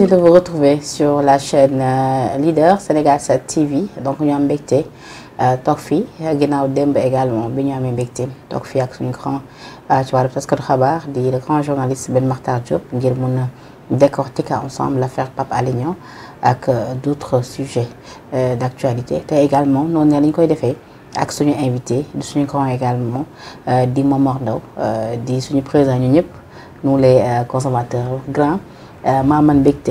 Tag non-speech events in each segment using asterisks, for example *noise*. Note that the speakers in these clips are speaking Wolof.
de vous retrouver sur la chaîne euh, leader Sénégal 7 TV donc ñu am mbégte euh, toog fii ginnaaw démb également bi ñu amee mbégte toog fii ak suñu grand euh, ci wàllu taskatu xabaar le grand journaliste Ben Makhtar Diop ngir mun a décortiquer ensemble l'affaire Pape Alé ak euh, d'autres sujets euh, d'actualité te également noonu ne lañ koy defee ak suñu invité di suñu grand également euh, di Momar Ndao di suñu président ñu ñëpp nous les consommateurs grands maa man mbégte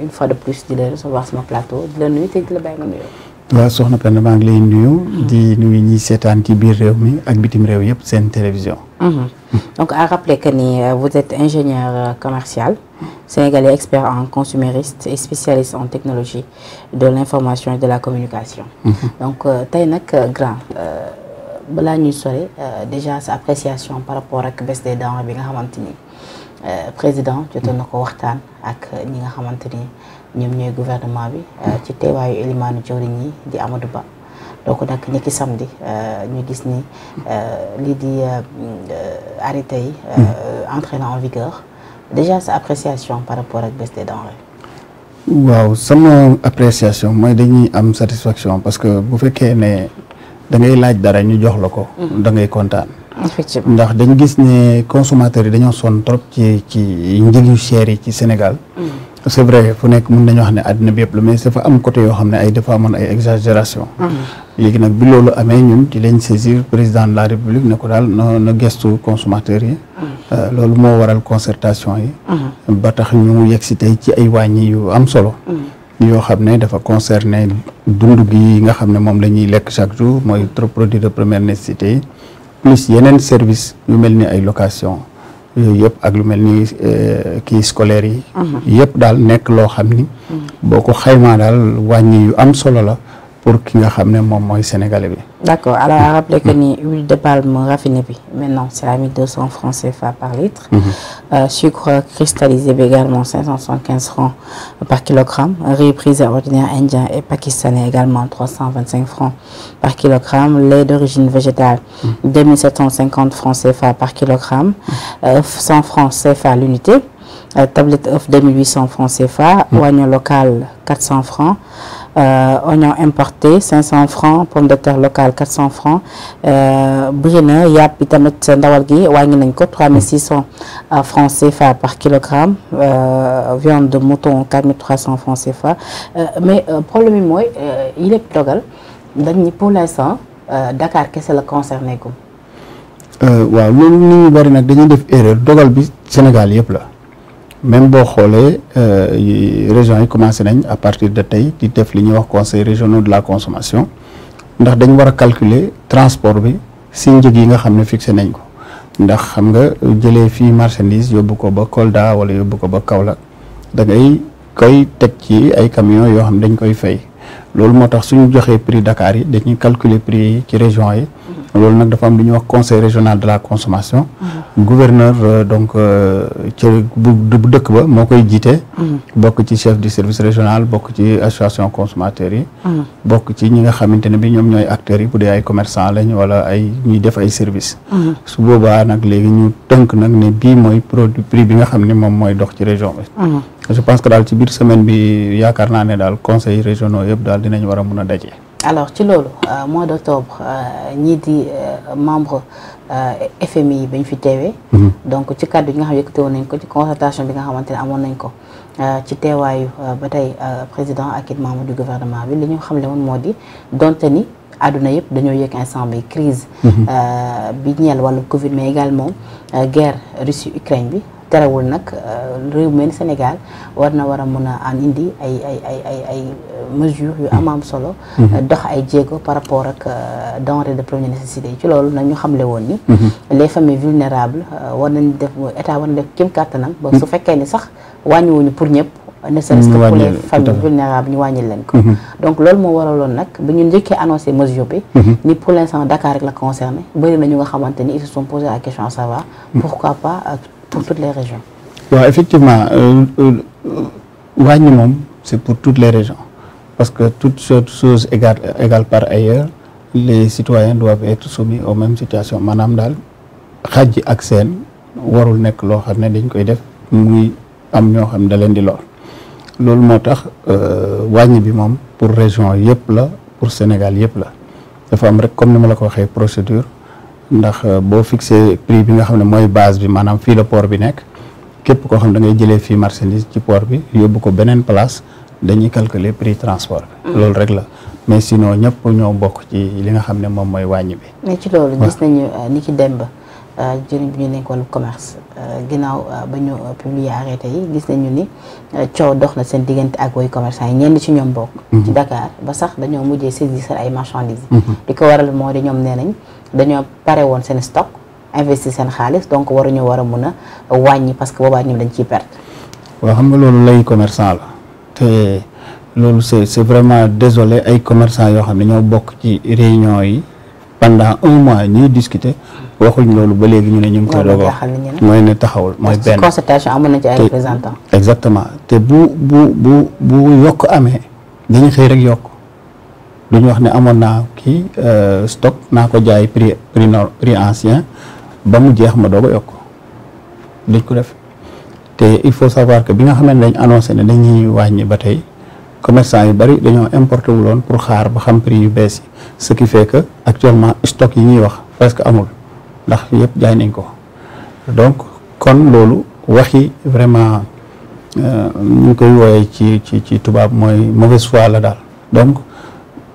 une fois de plus di la recevoir sama plateau di la nuyu te di la bàyyi nga nuyoo waaw soxna Penda maa ngi lay nuyu. di nuyu ñi seetaan ci biir réew mi ak bitim réew yëpp seen télévision. Mhm. donc à rappeler que ni euh, vous êtes ingénieur euh, commercial sénégalais expert en consumériste et spécialiste en technologie de l'information de la communication. Mhm. donc euh, tey nag grand. balaa ñuy sore déjà sa appréciation par rapport ak baisse des denrées bi nga xamante ni président jotoon na waxtaan ak ñi nga xamante ni. ñoom ñooy gouvernement bi euh, ci teewaayu élimaanu di Amadou Ba donc nag ñi ki samedi euh, ñu ni euh, lii di arrêté yi par rapport ak baisse des denrées waaw mooy dañuy am satisfaction parce que bu fekkee ne da laaj dara ñu jox la ko mhm. da ngay kontaan ndax dañ gis ne consommateurs yi dañoo sonn trop ci ci njëg yu cher yi ci Sénégal mhm. c'est vrai fu nekk mun nañu wax ne àddina bi yëpp la dafa am côté yoo xam ne ay dafa amoon ay exagération mm-hmm. léegi nag bi loolu amee ñun ci lañ saisir président de la république ne ko daal na na gestu consommateur yi mm-hmm. euh, loolu moo waral concertation yi mm-hmm. ba tax ñu yegg si tey ci ay wàññi yu am solo yoo xam ne dafa concerné dund gi nga xam ne moom la ñuy lekk chaque jour mooy trop produit de première nécessité yi plus yeneen service yu mel ni ay location yooyu yëpp ak lu mel ni euh, kii scolaire yi mhm. yëpp daal nekk loo xam ni mhm. boo ko xaymaa daal wàññi yu am solo la pour ki nga xam ne moom mooy sénégalais bi. d' accord alors à rappeler que hmm. ni huile de palme raffinée bi maintenant c' est à 1200 francs CFA par litre. Hmm. Euh, sucre bi également 575 par kilogramme riz ordinaire indien et pakistanais également 325 par kilogramme lait d' végétale. 2750 hmm. francs par kilogramme. Euh, 100 l'unité. Euh, tablette œuf 2800 francs CFA. oignon Euh, oignon importé 500 francs pomme de terre locale 400 francs euh, bëri na yàpp bi tamit ndawal gi wàññi nañ ko 3600 francs CFA par kilogramme euh, viande de mouton 4300 francs CFA mais problème bi mooy yi lépp dogal dañ pour l'instant Dakar kese la concerné gum waaw loolu nit ñu bari nag dañuy def erreur dogal bi Sénégal yëpp la même boo xoolee euh, régions yi commencé nañ à partir de tey di def li ñuy wax conseil régional de la consommation ndax dañ war a calculer transport bi si njëg yi nga xam ne fixé nañ ko ndax xam nga jëlee fii marchandise yóbbu ko ba Kolda wala yóbbu ko ba Kaolack da ngay koy teg ci ay camions yoo xam dañ koy fay loolu moo tax suñu joxee prix Dakar yi dañuy calculer prix yi ci région yi loolu nag dafa am lu ñuy wax conseil régional de la consommation mm-hmm. gouverneur euh, donc euh, ci bu dëkk ba moo koy jiite mm-hmm. bokk ci chef du service régional bokk ci association consommateurs yi mm-hmm. bokk ci ñi nga xamante ne bi ñoom ñooy acteurs yi bu dee ay commerçant lañ wala ay ñuy def ay service su boobaa nag léegi ñu tënk nag ni bii mooy produit prix bi nga xam ne moom mooy dox ci région bi je pense que daal ci biir semaine bi yaakaar naa ne daal conseil régionaux yëpp daal dinañ war a a daje alors ci loolu euh, mois d' octobre euh, ñii di euh, membre FMI yi bañ fi teewee. Mhm. donc ci kàddu yi nga xam yëkkate woon nañ ko ci concertation bi nga xamante ne amoon nañ ko ci teewaayu ba tey président ak it membre du gouvernement bi li ñu xamle woon moo di donte ni àdduna yëpp dañoo yëg instant bi crise mhm. bi ñeel wàllu Covid mais également guerre Russie Ukraine bi. terewul nag euh, réew mel Sénégal war na war a mën a an indi ay ay ay ay ay mesures yu am am solo. Mhm. Euh, dox ay jéego par rapport ak euh, denrée de première nécessité yi ci loolu nag ñu xamle woon ni. Mhm. les familles vulnérables war nañ def état war na def kéem kàttanam. ba su mhm. fekkee ni sax wàññiwuñu pour ñëpp. ne serait-ce que pour les familles vulnérables ñu wàññil leen ko donc loolu moo nag bi ñu njëkkee annoncé mesure bi ni pour l'instant Dakar rek la concerné bëri ñu nga xamante ni ils se sont posé la question à savoir pourquoi pas pour toutes les régions. waaw effectivement euh, euh, wàññi moom c'est pour toutes les régions parce que toutes choses égales égales par ailleurs les citoyens doivent être soumis aux mêmes situations maanaam daal xàjj ak seen warul nekk loo xam ne dañ koy def muy am ñoo xam ne da leen di lool loolu moo tax euh, wàññi bi moom pour région yëpp la pour Sénégal yëpp la dafa am rek comme ni ma la ko waxee procédure ndax euh, boo fixé prix bi nga xam ne mooy base bi maanaam fii la port bi nekk képp koo xam da ngay jëlee fii marchandise ci port bi yóbbu ko beneen place dañuy calculer prix transport bi mm. loolu rek la mais sinon ñëpp ñoo bokk ci li nga xam ne moom mooy wàññi bi mais ci loolu gis nañu ni ki dem ba jëriñ bi ñu nekk wàllu commerce ginnaaw ba ñu publier gis nañu ni coow dox na seen diggante ak way commerçant yi ñenn ci ñoom bokk mm-hmm. ci Dakar ba sax dañoo mujjee saisir ay marchandises. Mm-hmm. li ko waral moo di ñoom nee dañoo pare woon seen stock investir seen xaalis donc waruñu war a mun a wàññi parce que boobaa ñoom dañ ci perte. waa xam nga loolu lay commerçant la te loolu c'est vraiment désolé ay commercant yoo xam ne ñoo bokk ci réunion yi pendant un mois ñuy discuté waxuñ loolu ba léegi ñu ne ñu ngi koy doog wax mooy ne taxawul mooy benn concertation amoon na ci ay représentants exactement te bu bu bu bu yokk amee dañu xëy rek yokk lu ñu wax ne amoon naa kii euh, stock naa ko jaay prix prix nor prix ancien ba mu jeex ma doog a yokk dañ ko def te il faut savoir que bi nga xam ne dañ annoncé ne dañuy wàññi ba tey commerçant yu bari dañoo importé wu loon pour xaar ba xam prix yu bees yi ce qui fait que actuellement stock yi ñuy wax presque amul ndax yëpp jaay nañ ko donc kon loolu waxi vraiment euh, ñu ngi koy wooyee ci ci ci tubaab mooy mauvaise foi la daal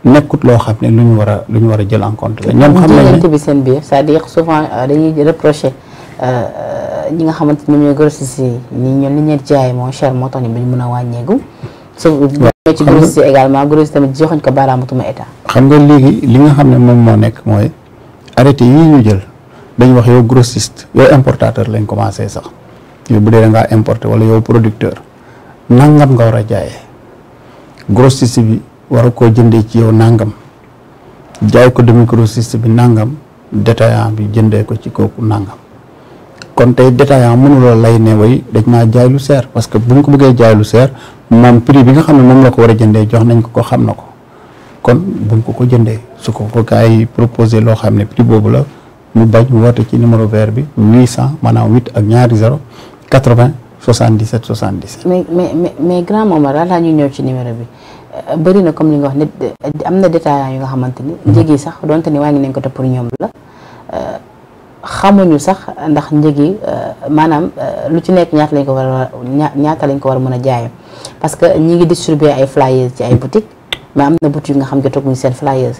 nekkut loo xam ne lu ñu war a lu ñu war a jël en compte la xam nañ ne bi seen biir cest euh, euh, euh, ñi nga xamante ni ñooy grossiste yi ñi ñoom moo cher moo tax ñu mën a wàññeeku mais ci grossiste également grossiste tamit joxuñ ko baaraamatuma état xam nga léegi li nga xam ne moom moo nekk mooy arrêté yii ñu jël dañ wax yow grossiste yow importateur lañ commencé sax yow bu dee da ngaa importé wala yow producteur nangam nga war a jaayee grossiste bi war koo jëndee ci yow nangam jaay ko demi-grossiste bi nangam détaillant bi jëndee ko ci kooku nangam kon tey détaillant mënuloo lay ne way dañ maa jaay lu seer parce que bu ñu ko bëggee jaay lu seer moom prix bi nga xam ne moom la ko war a jëndee jox nañ ko ko xam na ko kon bu ñu ko ko jëndee su ko ko gars loo xam ne prix boobu la mu bañ woote ci numéro ver bi 800 maanaam 8 ak ñaari 0 80 77 77. mais mais mais grand maman daal laa bëri na comme li nga wax nit am na détaillants yu nga xamante ni njëg yi sax donte ni wàññi nañ ko te pour ñoom la euh, xamuñu sax ndax njëg yi euh, maanaam euh, lu ci nekk ñaata lañ ko war a ñaata lañ ko war mën a jaayee parce que ñi ngi distribuer ay flyers ci ay boutiques mais na boutique yu nga xam jotaguñu seen flyers.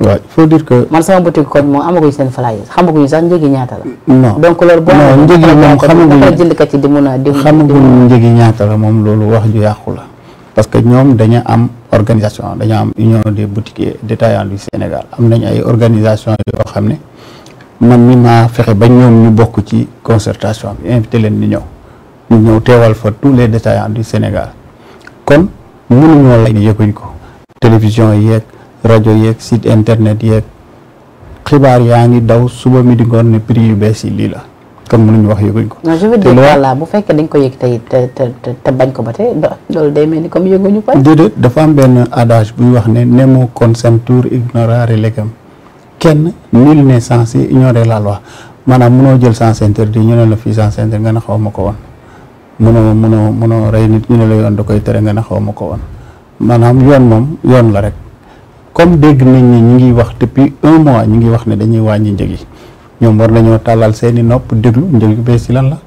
waaw il faut dire que. man sama boutique koñ moom seen flyers xamaguñu sax njëg yi ñaata la. non donc loolu boo. non yi moom xamaguñu dafa ñaata la moom loolu wax ju yàqu la. parce que ñoom dañu am organisation dañu am union des boutiquiers détaillants du Sénégal am nañ ay organisation yoo xam ne man mi maa fexe ba ñoom ñu bokk ci concertation bi invité leen di ñëw ñu ñëw teewal fa tous les détaillants du Sénégal kon mënuñoo lay ne yëguñ ko télévision yeeg rajo yeeg site internet yeeg xibaar yaa ngi daw suba mi di ngoon ne prix yu bees yi lii la kon ñu wax yëguñ ko. te je veux bu fekkee dañ ko yëg tey te te bañ ko ba tey loolu day mel comme yënguñu pay. déedéet dafa am benn adage buy wax ne nemo consentur ignorare legem kenn nul n'est censé ignorer la loi maanaam mënoo jël sens interdit ñu ne la fii sens interdit nga ne xaw ma ko woon munoo munoo munoo rey nit ñu ne la yoon da koy tere nga ne xaw ma ko woon maanaam yoon moom yoon la rek comme dégg nañ ni ñu ngi wax depuis un mois ñu ngi wax ne dañuy wàññi njëg yi ñoom war nañoo tàllal seeni nopp déglu njëg yu bees yi lan la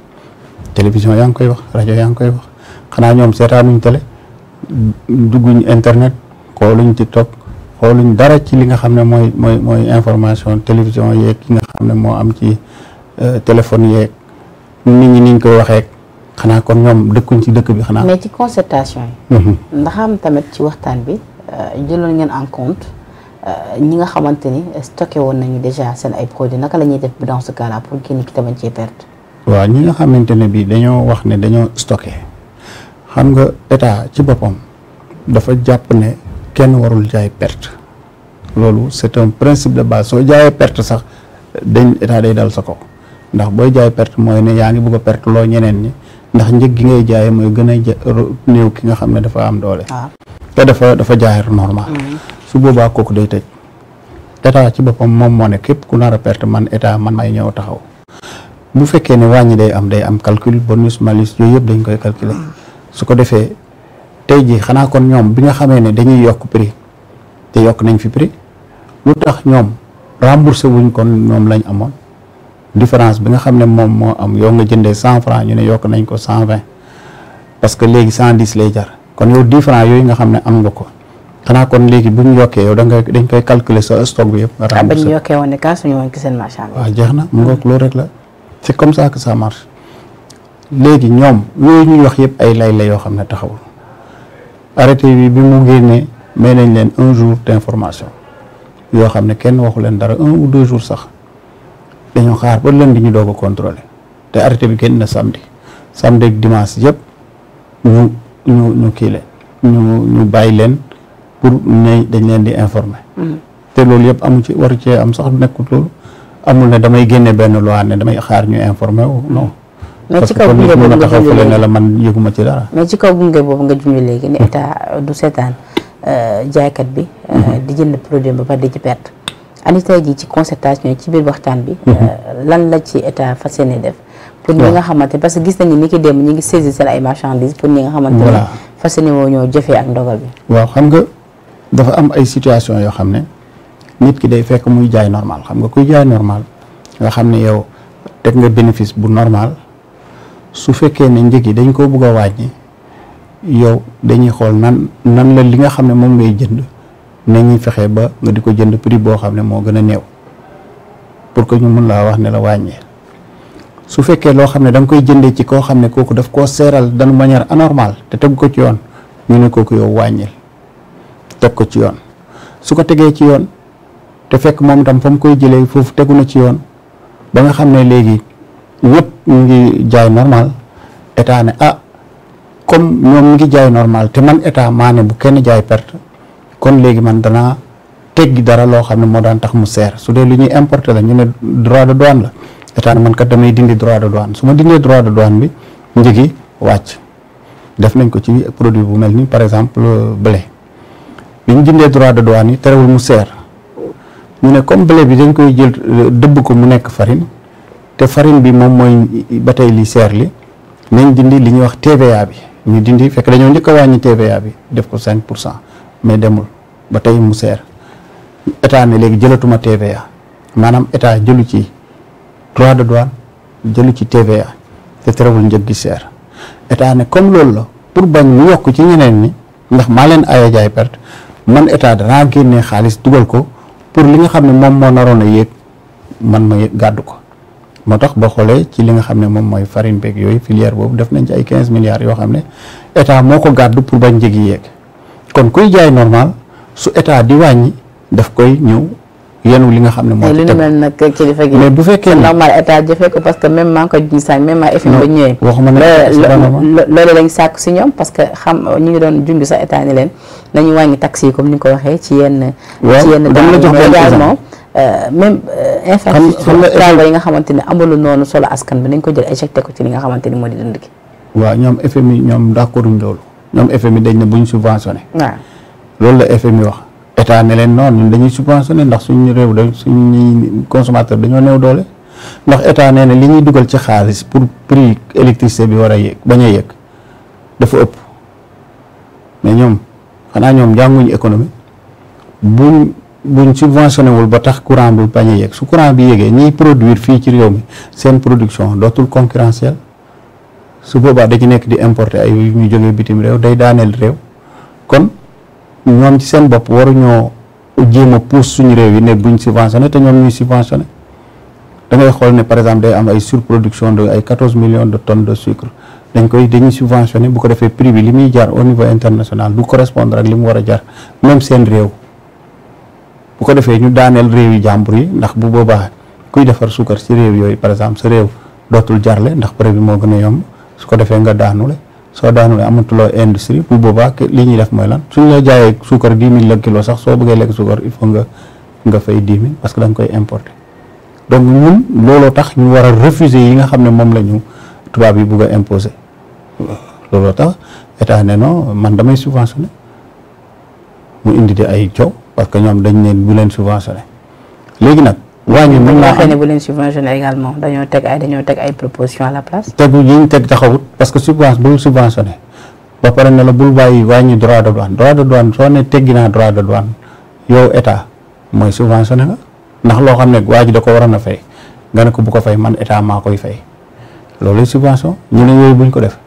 télévision yaa ngi koy wax rajo yaa ngi koy wax. xanaa ñoom seetaanuñ télé dugguñu internet xooluñ TikTok xooluñ dara ci li nga xam ne mooy mooy mooy information télévision yeeg ki nga xam ne moo am ci euh, téléphone yeeg nit ñi niñ koy waxeek xanaa kon ñoom dëkkuñ ci dëkk bi xanaa. mais ci concertation yi. Mm-hmm. ndax am tamit ci waxtaan bi euh, jëloon ngeen en compte euh, ñi nga xamante ni stocké woon nañu déjà seen ay produits naka la ñuy def dans ce cas là pour génn ki tamit cee perte. waaw ñi nga xamante ne bii dañoo wax ne dañoo stocké. xam nga état ci boppam dafa jàpp ne kenn warul jaay perte loolu c'est un principe de base soo jaayee perte sax dañ état day dal sa ko ndax booy jaay perte mooy ne yaa ngi bëgg a perte loo ñeneen ñi ndax njëg gi ngay jaayee mooy gën a néew ki nga xam ne dafa am doole. Ah. te dafa dafa jaayar normal. Mm-hmm. su boobaa kooku day tëj. état ci boppam moom moo ne képp ku nar a perte man état man may ñëw taxaw. bu fekkee ne wàññi day am day am calcul bonus malus yooyu yëpp dañ koy calculer. Mm. su ko defee tey jii xanaa kon ñoom bi nga xamee ne dañuy yokk prix te yokk nañ fi prix lu tax ñoom remboursé wuñ kon ñoom lañ amoon différence bi nga xam ne moom moo am yow nga jënde cent franc ñu ne yokk nañ ko cent vingt parce que léegi cent dix lay jar kon yow dix yooyu nga xam ne am nga ko xanaa kon léegi bu ñu yokkee yow da nga dañ koy calculer sa stock bi yëpp. nga ah, remboursé waaw yokkee woon ne kaas ñu woon ci seen marchand. waaw jeex na mu ngoog loolu rek la c'est comme léegi ñoom yooyu ñuy wax yëpp ay lay la yoo xam ne taxawul arrêté bi bi mu génnee may nañ leen un jour d'information yoo xam ne kenn waxu leen dara un ou deux jours sax dañu xaar ba lundi ñu doog a contrôler te arrêté bi génn na samedi samedi ak dimanche yëpp ñu ñu ñu kii leen ñu ñu bàyyi leen pour ne dañ leen di informer. Mm-hmm. te loolu yëpp amu ci waru cee am sax nekkul loolu amul ne damay génne benn loi ne damay xaar ñu informer non. mais ci kaw gunge boobu nga junj léegi la man yëguma ci dara. mais ci kaw gunge boobu nga junj léegi ne état du seetaan euh, jaaykat bi. Euh, mhm. di jënd produit ba pare di ci perte. ani tey jii ci concertation ci biir waxtaan bi. Mhm. Euh, lan la ci état fas yéene def. pour nga xamante parce que gis nañu ni ki dem ñu ngi saisir seen ay marchandises pour ñi nga xamante ne. fas yéene woo ñoo jëfee ak ndogal bi. waaw xam nga dafa am ay situation yoo xam ne nit ki day fekk muy jaay normal xam nga kuy jaay normal nga xam ne yow teg nga bénéfice bu normal. su fekkee ne njëg yi dañ koo bëgg a wàññi yow dañuy xool nan nan la li nga xam ne moom ngay jënd ñuy fexe ba nga di ko jënd prix boo xam ne moo gën a néew pour que ñu mun laa wax ne la wàññee su fekkee loo xam ne da koy jëndee ci koo xam ne kooku daf koo seeral d'une manière anormale te teg ko ci yoon ñu ne kooku yow wàññil teg ko ci yoon su ko tegee ci yoon te fekk moom tam fa mu koy jëlee foofu tegu na ci yoon ba nga xam ne léegi ñépp ñu ngi jaay normal état ne ah comme ñoom ñu ngi jaay normal te man état maane bu kenn jaay perte kon léegi man danaa teggi dara loo xam ne moo daan tax mu seer su dee lu ñuy importer la ñu ne droit de douane la état ne man kat damay dindi droit de douane su ma dindee droit de douane bi njëgi wàcc def nañ ko ci produit bu mel ni par exemple blé bi ñu dindee droit de douane yi terewul mu seer ñu ne comme blé bi dañ koy jël dëbb ko mu nekk farin te farine bi moom mooy ba tey li seer li nañ dindi li ñuy wax TVA bi ñu dindi fekk dañoo njëkk a wàññi TVA bi def ko 5 pour cent mais demul ba tey mu seer état ne léegi jëlatuma TVA maanaam état jëlu ci droit de douane jëlu ci TVA te terewul njëg gi seer état ne comme loolu la pour bañ mu yokk ci ñeneen ni ndax maa leen aya jaay perte man état danaa génnee xaalis dugal ko pour li nga xam ne moom moo naroon a yéeg man ma gàdd ko moo tax boo xoolee ci li nga xam ne moom mooy farine beeg yooyu filière boobu def nañ ci ay quinze milliards yoo xam ne état moo ko gàddu pour bañ njëg yi yeeg kon kuy jaay normal su état di wàññi daf koy ñëw yenu li nga xam ne mooy. li ñu bu fekkee normal état jëfee ko parce que même maa ngi koy junj sax même maa effet ba ñëwee. waxuma ne loolu lañ sàkk si ñoom parce que xam ñu ngi doon junj sax état ni leen nañu wàññi taxi yi comme ni nga ko waxee ci yenn. ci yenn daan la jox Euh, même euh, infrastructure yi nga xamante ne amul noonu solo askan bi nañ ko jël éjecté ko ci li nga xamante ni moo di dund gi waaw ñoom FMI ñoom d'accorduñ loolu ñoom FMI dañ ne bu ñu subventionné waaw loolu la FMI wax état ne leen noonu ñun dañuy subventionné ndax suñu réew da suñuy consommateur dañoo new doole ndax état ne na li ñuy dugal ci xaalis pour prix électricité bi war a yëg bañ a yëg dafa ëpp mais ñoom xanaa ñoom jànguñu économie buñ buñ subventionné wul ba tax courant bi bañ a yegg su courant bi yegee ñiy produire fii ci réew mi seen production dootul concurrentiel su boobaa dañu nekk di importer ay yu ñu jógee bitim réew day daaneel réew kon ñoom ci seen bopp waruñoo jéem a pousse suñu réew yi ne buñ subventionné te ñoom ñuy subventionné da ngay xool ne par exemple day am ay surproduction de ay quatorze millions de tonnes de sucre dañ koy dañuy subventionné bu ko defee prix bi li muy jar au niveau international du correspondre ak li mu war a jar même seen réew bu ko defee ñu daaneel réew yi jàmbur yi ndax bu boobaa kuy defar suukar si réew yooyu par exemple sa réew dootul jarle ndax prix bi moo gën a yomb su ko defee nga daanule soo daanule amatuloo industrie bu boobaa li ñuy def mooy lan suñ jaayee suukar dix mille la kilo sax soo bëggee lekk suukar il faut nga nga fay dix mille parce que da koy importer donc ñun looloo tax ñu war a yi nga xam ne moom la ñu tubaab yi bugg a imposer looloo tax état ne non man damay subventionné mu indi de ay coow parce que ñoom dañ ne bu leen subventionné léegi nag. wàññi mën naa am bu leen subventionné dañoo teg ay dañoo teg ay proposition tegu yi ñu teg taxawut parce que subvention ba pare ne la bul bàyyi wàññi droit de douane droit droit yow état mooy subventionné nga ndax loo xam ne waa ji da ko waroon a fay nga ne ko bu ko fay man état maa koy fay loolu subvention ñu ne yooyu buñ ko def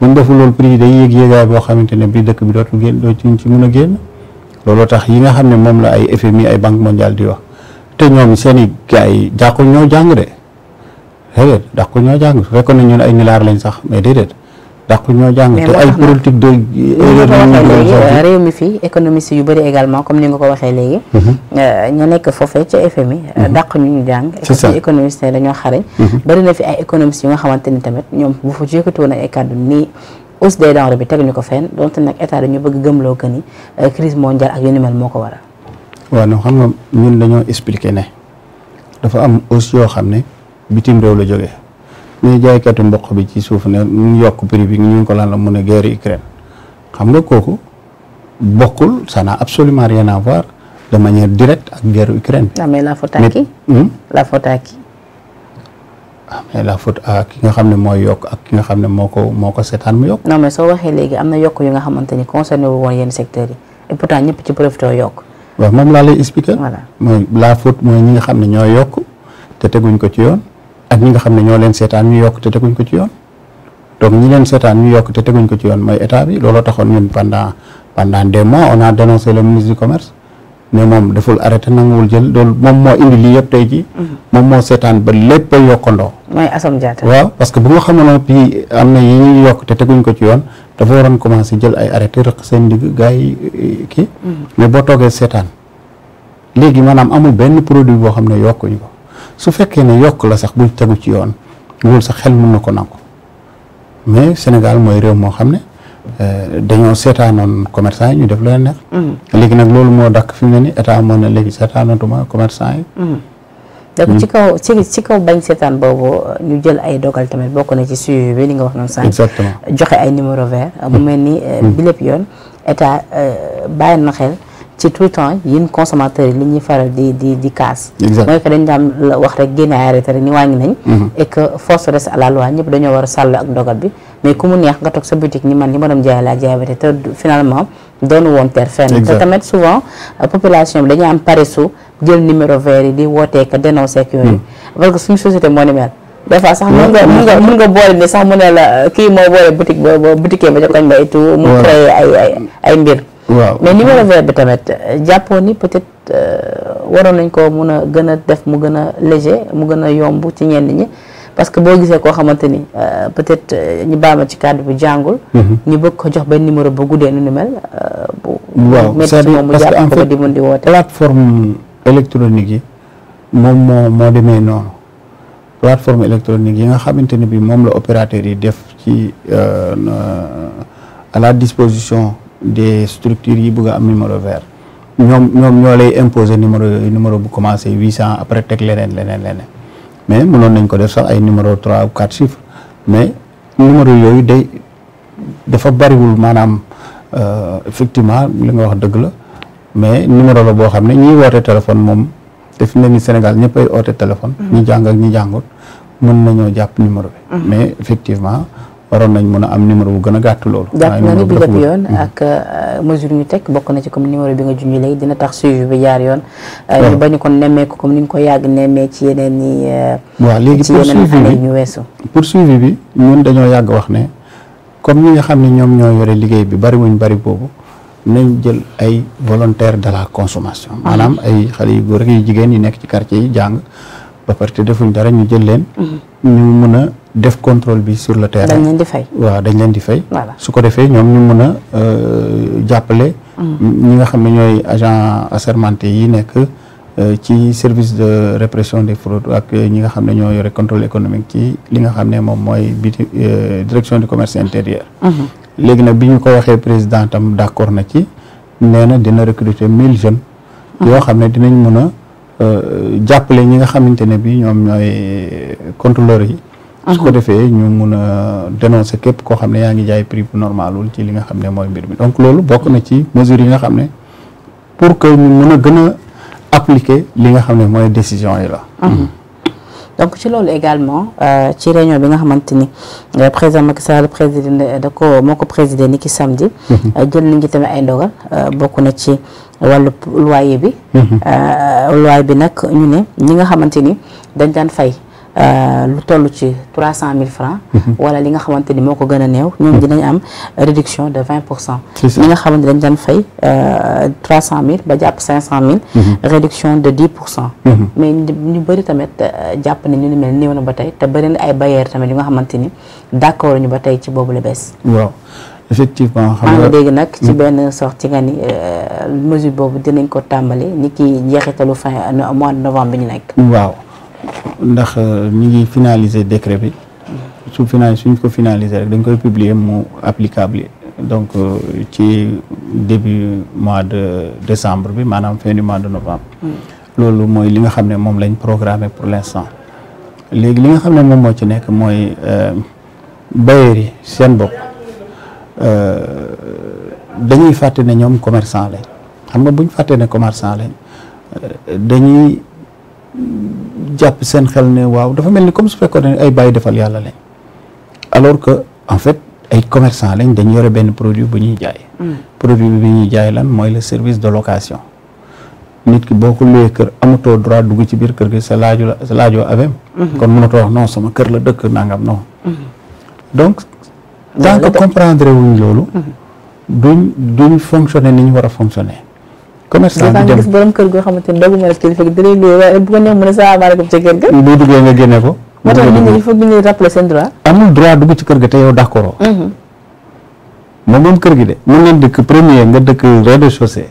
buñ deful loolu prix day yéeg yéegaay boo xamante ne bii dëkk bi dootul looloo tax yi nga xam ne moom la ay FMI ay banque mondiale di wax te ñoom seen i gars yi dàqu ñoo jàng de déedéet dàqu ñoo jàng su lañ sax mais déedéet dàqu ñoo jàng te ay politique de erreur réew mi fii économiste yu bëri également comme ni nga ko waxee léegi mhm. euh, ñoo nekk foofee ca FMI euh, mhm. dàq ñu ñu jàng ci économiste dañoo xarañ mhm. bëri na fi ay économistes yu nga xamante ni tamit ñoom bu fa yëkkati woon ay kàddu nii hausse des denrées bi teguñu ko fenn donte nag état dañu bëgg gëmloo que ni euh, crise mondiale ak yu ni mel moo ko waral. waa non xam nga ñun dañoo expliquer ne dafa am hausse yoo xam ne bitim réew la jógee ñuy jaaykatu mboq bi ci suuf ne ñu yokk prix bi ñu ngi ko lan la mun a guerre Ukraine xam nga kooku bokkul ça n'a absolument rien à voir de manière directe ak guerre Ukraine. mais la faute à mais la faute à ki nga xam ne mooy yokk ak ki nga xam ne moo ko moo ko seetaan mu yokk. non mais soo waxee am na yokk yu nga xamante ni concerné wu woon yenn secteurs yi et pourtant ñëpp ci profité yokk. waaw moom la faute mooy ñi nga xam ne ñoo yokk te teguñ ko ci yoon ak ñi nga xam ne ñoo leen seetaan ñu yokk te teguñ ko ci yoon donc ñi leen seetaan ñu yokk te teguñ ko ci yoon mooy état bi looloo taxoon ñun pendant pendant des mois on le ministre du commerce. ne moom deful arrêté nanguwul jël loolu moom moo indi lii yëpp tey ji mm-hmm. moom moo seetaan ba lépp a yokkandoo. mooy Assome Diatta waaw parce que bu nga xamaloon fii am na yi ñuy yokk te teguñ ko ci yoon dafa waroon commencé jël ay arrêté rëq seen digg gars yi eh, kii. Mm-hmm. mais boo toogee seetaan léegi maanaam amul benn produit boo xam ne yokkuñu ko su fekkee ne yokk la sax buñ tegu ci yoon loolu sax xel mën na ko nangu mais Sénégal mooy réew moo xam ne. Euh, dañoo seetaanoon commerçant yi ñu def lu leen neex. Mm-hmm. léegi nag loolu moo dakk fi mu ne nii état moo ne léegi seetaanatuma commerçant yi. Mm-hmm. donc mm-hmm. ci kaw bañ seetaan boobu ñu jël ay dogal tamit bokk na ci suivi bi li nga wax noonu sànq. exactement joxe ay numéro vert. mu mel ni euh, bi lépp yoon état euh, bàyyi na xel ci tout le temps yéen consommateurs yi li ñuy faral di di di kaas. mooy que dañ daan wax rek génne ay arrêté ni wàññi nañ. et force reste à la dañoo war a sàll ak dogal bi. mais ku mu neex nga toog sa boutique ñi man li ma doon jaay laa jaay ba te finalement doonu woon ter fenn te tamit souvent euh, population bi dañu am paresu jël numéro vert yi di wootee ka dénoncé k yooyu hmm. parce que suñu société moo ni mel des fois sax mun nga mun nga boole ni sax mu ne la euh, kii moo boole boutique ba boutique ba ca koñ ba mu créé ay ay mbir waaw mais numéro vert bi tamit euh, jàppoon ni peut-être waroon nañ ko mun a gën a def mu gën a léger mu gën a yomb ci ñenn ñi parce que boo gisee koo xamante ni euh, peut-être euh, ñu baama ci cadre bu jàngul. Mhm. ñu bëgg ko jox benn numéro ba guddee nu ni mel. Euh, bu waaw c'est-à-dire parce que en fait di mën di woote. plateforme électronique yi moom moo moo demee noonu plateforme électronique yi nga xamante ne bi moom la opérateur yi def ci à la disposition des structures yi bëgg am numéro vert. ñoom ñoom ñoo lay imposer numéro yooyu numéro bu commencé huit cent après teg leneen leneen leneen. mais mënoon nañ ko def sax ay numéro trois ou quatre chiffres mais numéro yooyu day dafa bariwul maanaam euh, effectivement li nga wax dëgg la mais numéro la boo xam ne ñuy woote téléphone moom te fi mu ne ni Sénégal ñëpp ay oote téléphone. Mm-hmm. ñi jàng ak ñi jàngut mën nañoo jàpp numéro bi. Mm-hmm. mais effectivement. waroon nañ mën a am numéro bu gën a gàtt loolu. jàpp na ni bi lépp yoon mm-hmm. ak euh, mesure ñu teg bokk na ci comme numéro bi nga junj léegi dina tax suivi bi jaar yoon. Ah. Euh, ñu bañ ko nemmeeku comme ni nga ko yàgg nemmee ci yeneen yi. Euh, waaw léegi pour suivi bi ñu weesu. pour suivi bi ñun dañoo yàgg wax ne comme ñi nga xam ne ñoom ñoo yore liggéey bi bari wuñ bari boobu. nañ jël ay volontaire de la consommation ah. maanaam ay xale yu góor ak yu jigéen yi nekk ci quartier yi jàng ba pare te defuñ def contrôle bi sur le terrain. dañ leen di waaw dañ leen di fay. su ko defee ñoom ñu mun a euh, jàppale. Mm. ñi nga xam ne ñooy agent assermenté yi nekk euh, ci service de répression des fraudes ak ñi nga xam ne ñoo yore contrôle économique ci li nga xam ne moom mooy biti euh, direction du commerce intérieur. Mm-hmm. léegi nag bi ñu ko waxee président tam d' accord na ci nee na dina recruter mille jeunes. Mm-hmm. yoo xam ne dinañ mën a jàppale ñi nga xamante ne bi ñoom ñooy contrôleurs yi. su ko defee ñu mun a dénoncer képp koo xam ne yaa ngi jaay prix bu normalul ci li nga xam ne mooy mbir mi donc loolu bokk na ci mesure yi nga xam ne pour que ñu mun a gën a appliquer li nga xam ne ah. hmm. ci loolu euh, bi nga xamante ni euh, président Macky Sall président da ko moo ko présidé ni ki samedi hmm. euh, jël nañ ci ay ndogal bokk na ci wàllu loyer bi hmm. loyer bi nag ñu ne ñi nga xamante ni dañ daan fay Euh, lu toll ci trois cent mille francs mhm. wala li nga xamante ni moo ko gën a néew ñoom dinañ am réduction de vingt pour cent ñi nga xamante dañ daan fay euh, trois cent mille ba jàpp cinq cent mille mhm. réduction de dix pour cent mhm. mais ñu bëri tamit euh, jàpp ne ñu ni mel néew na ba tey te bëri na ay bailleurs tamit yu nga xamante ni d'accord ñu ba tey ci boobu la bees waaw effectivement xam nga dégg nag ci benn ci nga ni mesure boobu dinañ ko tàmbali ni ki njeexitalu fin mois de novembre bi ñu nekk waaw ndax ñu euh, ngi finaliser décret bi su finali suñ ko finaliser rek dañ koy publier mu applicable donc euh, ci début mois de décembre bi maanaam fin mois de novembre mm. loolu mooy li nga xam ne moom lañ programmé pour l'instant léegi li nga xam ne moom moo ci nekk mooy euh, bailleurs yi seen bopp dañuy fàtte ne ñoom commerçant lañ xam nga buñ fàtte ne commerçant lañ dañuy jàpp seen xel ne waaw dafa mel ni comme su fekkoon ne ay bàyyi defal yàlla lañ alors que en fait ay commerçant lañ dañ yore benn produit bu ñuy jaay. Mm. produit bi ñuy jaay lan mooy le service de location. nit ki boo ko luwee kër amatoo droit dugg ci biir kër gi sa laaju la sa laajoo avem mm-hmm. kon mënatoo wax non sama kër la dëkk nangam non. Mm-hmm. donc tant que comprendre wuñ loolu. Mm-hmm. duñ duñ fonctionner ni ñu war a fonctionner. commerçant bi dem gis borom kër goo xamante ni dogu ma la kilifa gi da lay ko neex mu ne salaamaaleykum ca kër ga boo duggee nga génne ko moo tax nit ñi moom mhm. moom kër gi de mën ngeen dëkk premier nga dëkk rez-de-chaussée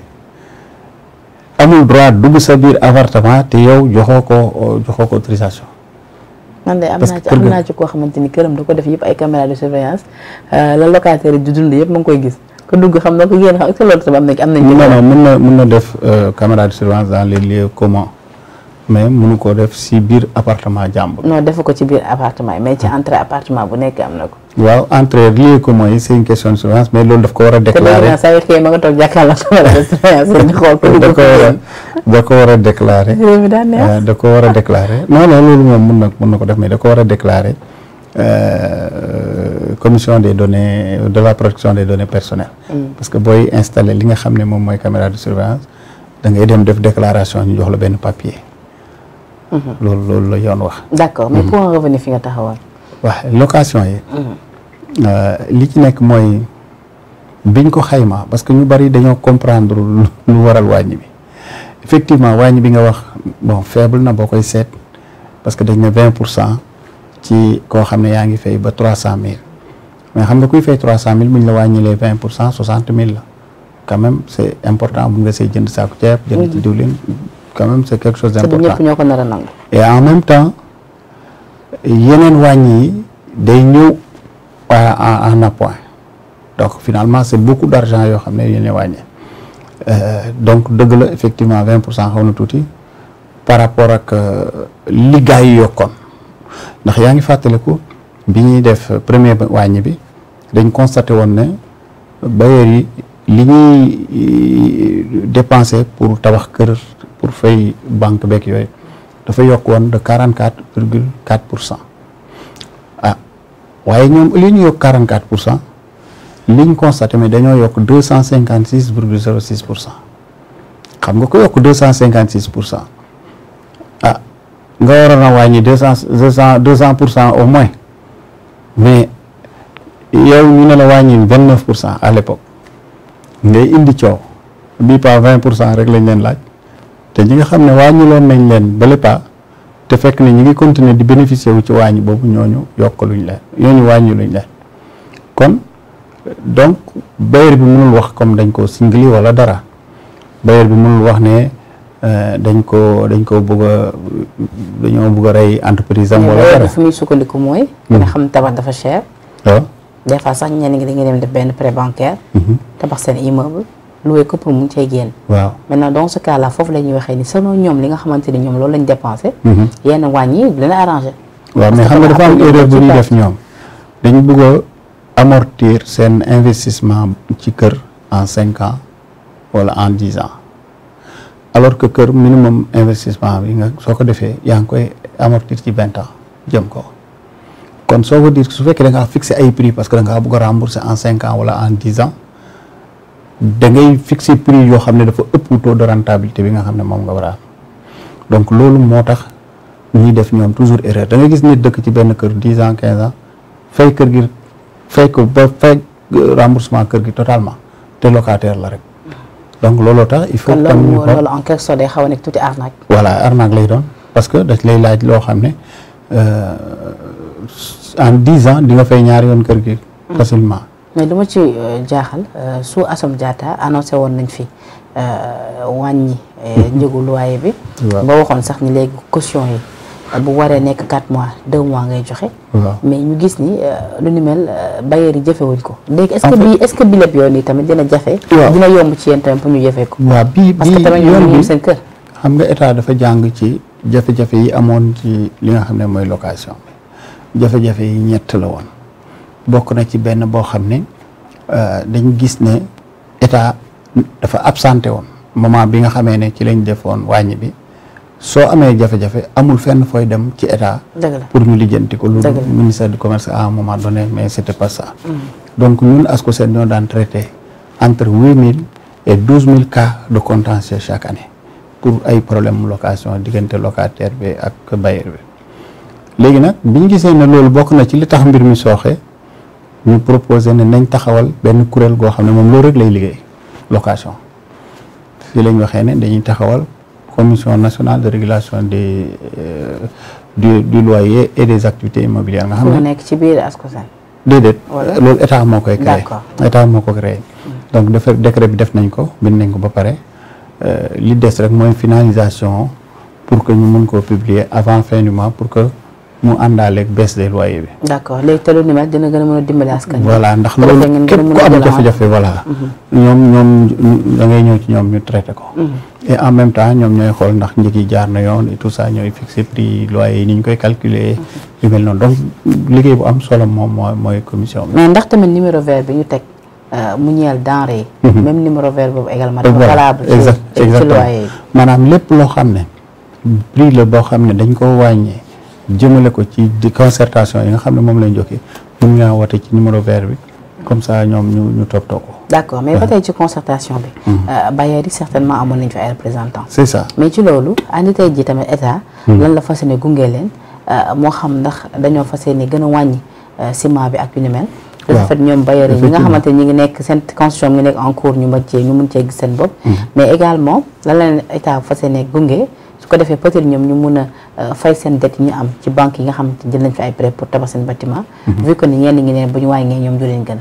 amul droit dugg sa biir appartement te yow joxoo ko joxoo ko autorisation man de am naa ci am koo xamante ni këram da ko def yëpp ay caméra de surveillance euh, la locataire yi di dund yëpp ma ngi koy gis ku dugg xam na ku génn xam est-ce que loolu tamit am na ci am nañ. na def euh, caméra de surveillance dans les lieux communs mais mënu ko def si biir appartement jàmbur. non def ko ci biir appartement yi mais bu nekk na ko. waaw entrée lieu commun yi c' est une question loolu daf ko war a déclarer te saa yu xëy ma nga toog jàkkaarloo caméra *laughs* da ko war a ko war a déclarer. réew mi daan neex euh, a déclarer non loolu moom mën na ko def mais da ko war a déclarer. Euh, commission des données de la protection des données personnelles. Mm. parce que booy installé li nga xam ne moom mooy caméra de surveillance da ngay dem def déclaration ñu jox la benn papier. Mm-hmm. loolu loolu la yoon wax. d'accord mais mm-hmm. pour en revenir fi nga taxawal. waaw location yi. Mm-hmm. Euh, li ci nekk mooy biñ ko xayma parce que ñu bari dañoo comprendre lu waral wàññi bi effectivement wàññi bi nga wax bon faible na boo koy seet parce que dañ ne vingt pour cent ci koo xam ne yaa ngi fay ba trois cent mille. mais xam nga kuy fee trois cent mille bu ñu la wàññilee vingt pour cent soixante mille la quand même c' important bu ñu desee jënd saako ceeb. jënd ci mm-hmm. diwlin quand même c' est quelque chose d' ko nar a et en même temps yeneen wàññi yi day ñëw en appoint donc finalement c' est beaucoup d' yoo xam ne yéen a wàññi euh, donc dëgg la effectivement vingt pour cent xaw na tuuti par rapport ak euh, li yi yokkoon ndax yaa ngi fàttale ko bi ñuy def premier wàññi bi dañ constaté woon ne bailleurs yi li ñuy euh, dépensé pour tabax kër pour fay banque beeg yooyu dafa yokk woon de quarante quatre virgule quatre pour cent ah waaye ñoom li ñu yokk quarante quatre pour cent li ñu constaté mais dañoo yokk deux cent cinquante six virgule zéro six pour cent xam nga ko yokk deux cent cinquante six pour cent ah nga waroon a wàññi deux cent deux cent pour cent au moins. mais yow ñu ne la wàññi vingt neuf pour cent à l'époque ngay indi coow bi pas vingt pour cent rek lañ leen laaj te ñi nga xam ne wàññiloon nañ leen bële pas te fekk ne ñu ngi continuer di bénéficier wu ci wàññi boobu ñoo ñu ñooñu yokkaluñ leen ñooñu wàññiluñ leen kon donc bailleur bi mënul wax comme dañ ko singli wala dara bailleur bi mënul wax ne Euh, dañ ko dañ ko bëgg a dañoo bëgg a rey entreprise am. wala dara muy sukkandiku mooy. Hmm. nga xam ne tabax dafa cher. waaw ah. des fois sax ñenn dañuy dem def benn prêt bancaire. Hmm. tabax seen immeuble. loué ko pour mu cee génn. waaw maintenant dans ce cas foofu la ñuy waxee ni selon ñoom li nga xamante ni ñoom loolu lañ dépensé. Hmm. yenn wàññi dina arrangé. waaw mais xam nga dafa am erreur bu ñuy ñoom. dañu bëgg a amortir seen investissement ci kër en cinq ans wala en dix an alors que kër minimum investissement bi nga soo ko defee yaa ngi koy amortir ci vingt ans jëm ko kon soo ko dire su fekkee da ngaa ay prix parce que da ngaa bëgg a rembourser en cinq ans wala en dix ans da ngay fixé prix yoo xam ne dafa ëpp taux de rentabilité bi nga xam ne moom nga war a donc loolu moo tax ñuy def ñoom toujours erreur da nga gis nit dëkk ci benn kër dix ans quinze ans fay kër gi fay ko ba fay remboursement kër gi totalement te la rek. donc looloo tax il faut. comme ñu ko loolu en quelque sorte day xaw a nekk tuuti arnaque. voilà lay doon parce que daf lay laaj loo xam ne euh, en dix ans di ñaari yoon kër gi. Mm. facilement. mais lu ma ci euh, jaaxal euh, su Assome jaata annoncé woon nañ fi wàññi mm. njëgu loyer bi. ba waxoon sax ni léegi caution yi. bu waree nekk 4 mois 2 mois ngay joxe. mais ñu gis ni euh, lu ni mel euh, bailleurs yi jafewuñ ko. est-ce que bi est yoon yi tamit dina jafe. dina yomb ci yéen tamit pour ñu jafee ko. waaw bii parce que tamit yoon xam nga état dafa jàng ci jafe-jafe yi amoon ci li nga xam ne mooy location bi jafe-jafe yi ñett la woon bokk na ci benn boo xam ne euh, dañ gis ne état dafa absenté woon moment bi nga xamee ne ci lañ defoon wàññi bi. soo amee jafe-jafe amul fenn fooy dem ci état. pour ñu lijjanti ko. dëgg lu ministère du commerce à un moment donné mais c' était pas ça. Mm. donc ñun ASCOSEN ñoo daan traité entre huit mille et douze mille cas de contentieux chaque année pour ay problème location diggante locataire bi ak bailleur bi. léegi nag bi ñu gisee ne loolu bokk na ci li tax mbir mi sooxe ñu proposé ne nañ taxawal benn kuréel goo xam ne moom loolu rek lay liggéey location fii la ñu waxee ne dañuy taxawal. commission nationale de régulation des euh, du du loyer et des activités immobilières nga xam ne. nekk ci biir ASCOSEN. déedéet euh, loolu état moo koy. créé état moo ko créé. Mm. donc dafa décret bi def nañ ko bind nañ ko ba pare euh, li des rek mooy finalisation pour que ñu mën koo publier avant fin du mois pour que. mu àndaaleeg baisse des loyers bi. d'accord léegi te lu ni mel dina gën a mën a dimbali askan wi. voilà ndax mhm. ñoom ñoom da ngay ñëw ci ñoom ñu traité ko. Mhm. et en même temps ñoom ñooy xool ndax njëg yi jaar na yoon et tout sax ñooy fixé prix loyer yi ni ñu koy calculer. Mhm. yu mel noonu donc liggéey bu am solo moom mooy mooy commission bi. ndax tamit numéro vert bi ñu teg. Euh, mu ñeel denrée. même numéro vert boobu également. dafa valable ci ci loyer yi. maanaam lépp loo xam ne prix la boo xam ne dañ ko wàññee. jëmale ko ci di concertation yi nga xam ne moom lañ jokkee mun ngaa woote ci numéro vert bi comme ça ñoom ñu ñu topp topp ko. d'accord mais ba tey ci concertation bi. Mm-hmm. Euh, bailleurs yi certainement amoon nañ fa ay mais ci loolu andi tey ji tamit état. Mm-hmm. lan la fas yéene gunge leen euh, moo xam ndax dañoo fas yéene gën a wàññi euh, ciment bi ak yu ni mel. waaw de fait ñoom bailleurs yi ñi nga xamante ñi ngi nekk seen construction mi ngi nekk en cours ñu mën cee ñu mën cee gis seen bopp. Mm-hmm. mais également lan la leen état fas yéene gunge. su ko defee peut-être ñoom ñu mun a euh, fay seen dette ñu am ci banque yi nga xam jël nañ fi ay prêt pour tabax seen bâtiment mm-hmm. vu que ni ñenn ñu waaye ngee ñoom du leen gën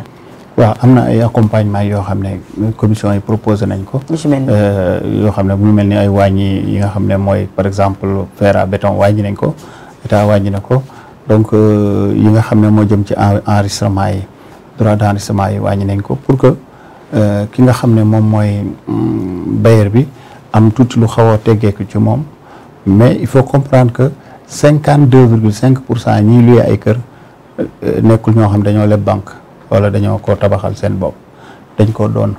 a am na ay accompagnement yoo xam ne commission yi proposé nañ ko euh, yoo xam ne mu mel ni ay wàññi yi nga xam ne mooy par exemple fer à béton wàññi nañ ko état wàññi na ko donc euh, yi nga xam ne moo jëm ci enregistrement yi droit d'enregistrement yi wàññi nañ ko pour que ki nga xam ne moom mooy mm, bailleur bi am tuuti lu xaw a teggeeku ci moom mais il faut comprendre que cinquante deux virgule cinq pour cent ñiy luye ay kër euh, nekkul ñoo xam dañoo leb banque wala dañoo ko tabaxal seen bopp dañ ko doon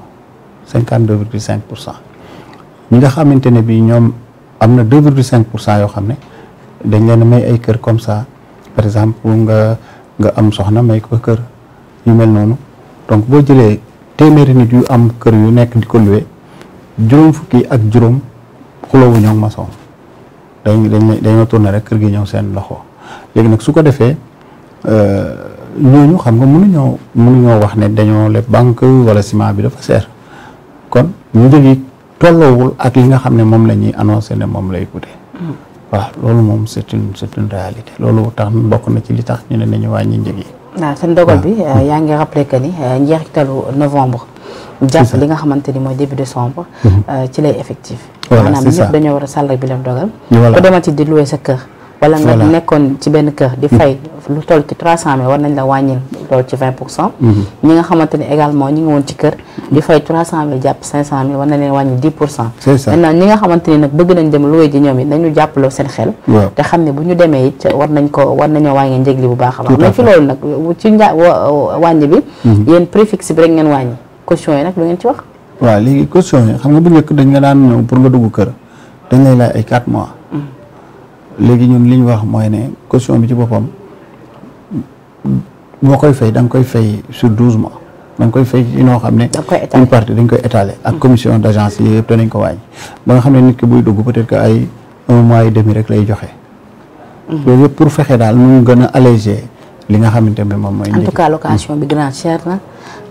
cinquante deux virgule cinq pour cent ñi nga xamante ne bi ñoom am na deux virgule cinq pour cent yoo xam ne dañ leen may ay kër comme ça par exemple nga nga am soxna may ko kër yu mel noonu donc boo jëlee téeméeri nit yu am kër yu nekk di ko luwe juróom fukki ak juróom xuloowu ñoo maçon dañ dañ dañoo tourné rek kër gi ñëw seen loxo léegi nag su ko defee euh, ñooñu xam nga mënuñoo mënuñoo wax ne dañoo leb banque wala ciment bi dafa seer kon njëg yi tolloowul ak li nga xam ne moom la ñuy annoncé ne moom lay coûter waaw loolu moom c'est une réalité loolu tax bokk na ci li tax ñu ne nañu wàññi njëg yi. waaw seen dogal bi euh, yaa ngi rappelé que ni euh, njeexitalu novembre. jàpp li nga xamante ni mooy début décembre mhm. euh, ci lay effectif maanaam ñëpp dañoo a sàllar bi leen dogal ku demati di louer nekkoon ci benn kër di mhm. fay lu toll ci trois cent mille war nañ la wàññil loolu pour cent mhm. ñi ni nga xamante nag bëgg nañ dem louer ji ñoom it nañu jàppaloo seen xel te xam ne bu ñu demee it war nañ ko war nañoo wàññi njëg bu baax a baax mais ci loolu nag ci wàññi bi yéen préfixe bi rek ngeen wàññi caution yi nag lu ngeen ci wax. waaw léegi caution yi xam nga bu njëkk dañ nga daan ñëw pour nga dugg kër dañ lay laaj ay quatre mois. Mm. léegi ñun li ñu wax mooy ne caution bi ci boppam boo koy fey da nga koy fay sur 12 mois da koy fey ci noo xam ne. une partie dañ koy étale ak mm. commission d' agence yi yëpp danañ ko wàññi ba nga xam ne nit ki buy dugg peut-être que ay un mois et demi rek lay joxe. Mm. loolu yëpp pour fexe daal ñu gën a alléger. li nga xamante ne moom mooy. en tout cas location bi grand cher na.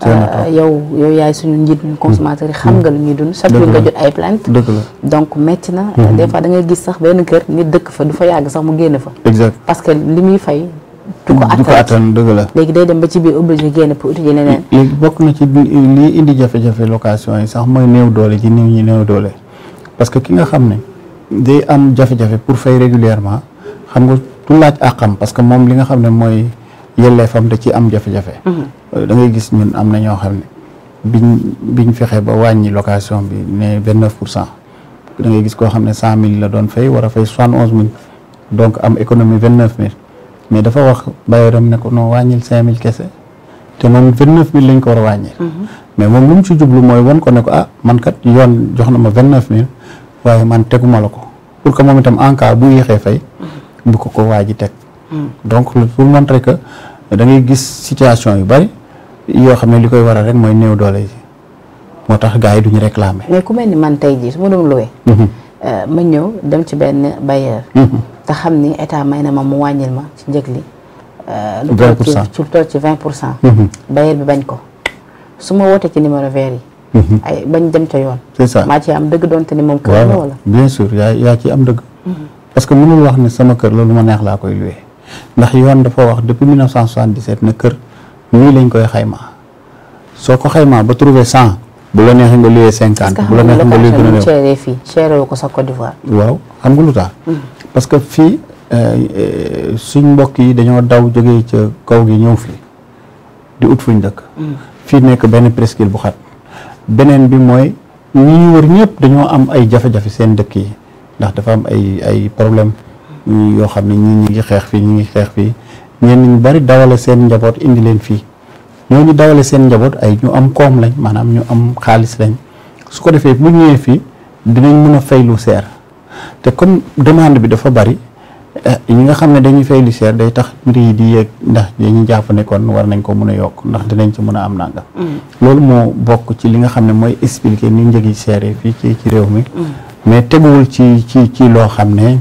Euh, yow yow yaay suñu njiit ñu consommateur yi xam nga lu ñuy dund. chaque jour nga jot ay plainte. dëgg la donc metti na. Mm-hmm. des fois da ngay gis sax benn kër nit dëkk fa du fa yàgg sax mu génn fa. exact parce que li muy fay. du ko attan dëgg la léegi day dem ba ci biir obligé génn pour utiliser leneen. léegi bokk na ci lii indi jafe-jafe location yi sax mooy néew doole ci néew ñi néew doole parce que ki nga xam ne day am jafe-jafe pour fay régulièrement xam nga du laaj àqam parce que moom li nga xam ne mooy yelleefam da ci am jafe-jafe euh, da ngay gis ñun am na ñoo xam ne biñ biñ fexe ba wàññi location bi ne vingt neuf pour cent da ngay gis koo xam ne cent mille la doon fay war a fay soixante onze mille donc am économie vingt neuf mille mais dafa wax bayoram ne ko non wàññil cinq mille kese te moom vingt neuf mille lañ ko war a wàññil mais moom lu mu ci jublu mooy won ko ne ko ah man kat yoon jox na ma vingt neuf mille waaye man teguma la ko pour que moom itam en bu yéexee fay bu ko waa ji teg donc pour montrer que euh, da ngay gis situation yu bari yoo xam ne li koy waral rek mooy néew doole ji moo tax gaa yi duñu réclamer. mais ku mel ni man tey jii su ma doon loué. Mhm. Euh, ma ñëw dem ci benn bailleur. Mhm. te xam ni état may na ma mu wàññil ma ci njëg li. Euh, lu toll ci vingt pour cent. Mhm. bailleur bi bañ ko su ma wootee ci numéro vert yi. ay bañ dem ca yoon. c'est ci am dëgg doonte ni moom. kër la wala bien sûr yaa yaa ci am dëgg. parce que mënul wax ni sama kër loolu ma neex laa koy loué. ndax yoon dafa wax depuis 1977 ne kër nii lañ koy xayma soo ko xaymaa ba trouver cent bu la neexee nga luyee cinquante bu la neexee nga luyee gën a fii cheré ko sa Côte d'Ivoire waaw xam nga lu tax mm. parce que fii euh, euh, suñ mbokk yi dañoo daw jógee ca kaw gi ñëw fii di ut fuñ dëkk mm. fii nekk benn presqu'île bu xat beneen bi mooy ñi ñu wër ñëpp dañoo am ay jafe-jafe seen dëkk yi ndax dafa am ay ay problème yoo xam ne ñii ñi ngi xeex fii ñi ngi xeex fii ñenn ñu bari dawale seen njaboot indi leen fii ñoo ñooñu dawale seen njaboot ay ñu am koom lañ maanaam ñu am xaalis lañ su ko defee bu ñëwee fii dinañ mën a fay lu seer te comme demande bi dafa bari eh, ñi nga xam ne dañuy fay lu day tax mbir yi di yéeg ndax dañuy jàpp ne war nañ ko mun a yokk ndax dinañ ci mën a am nangam. Mm. loolu moo bokk ci li nga xam ne mooy expliquer ni njëg yi seeree fii ci ci réew mi. Mm. mais teguwul ci ci ci loo xam ne.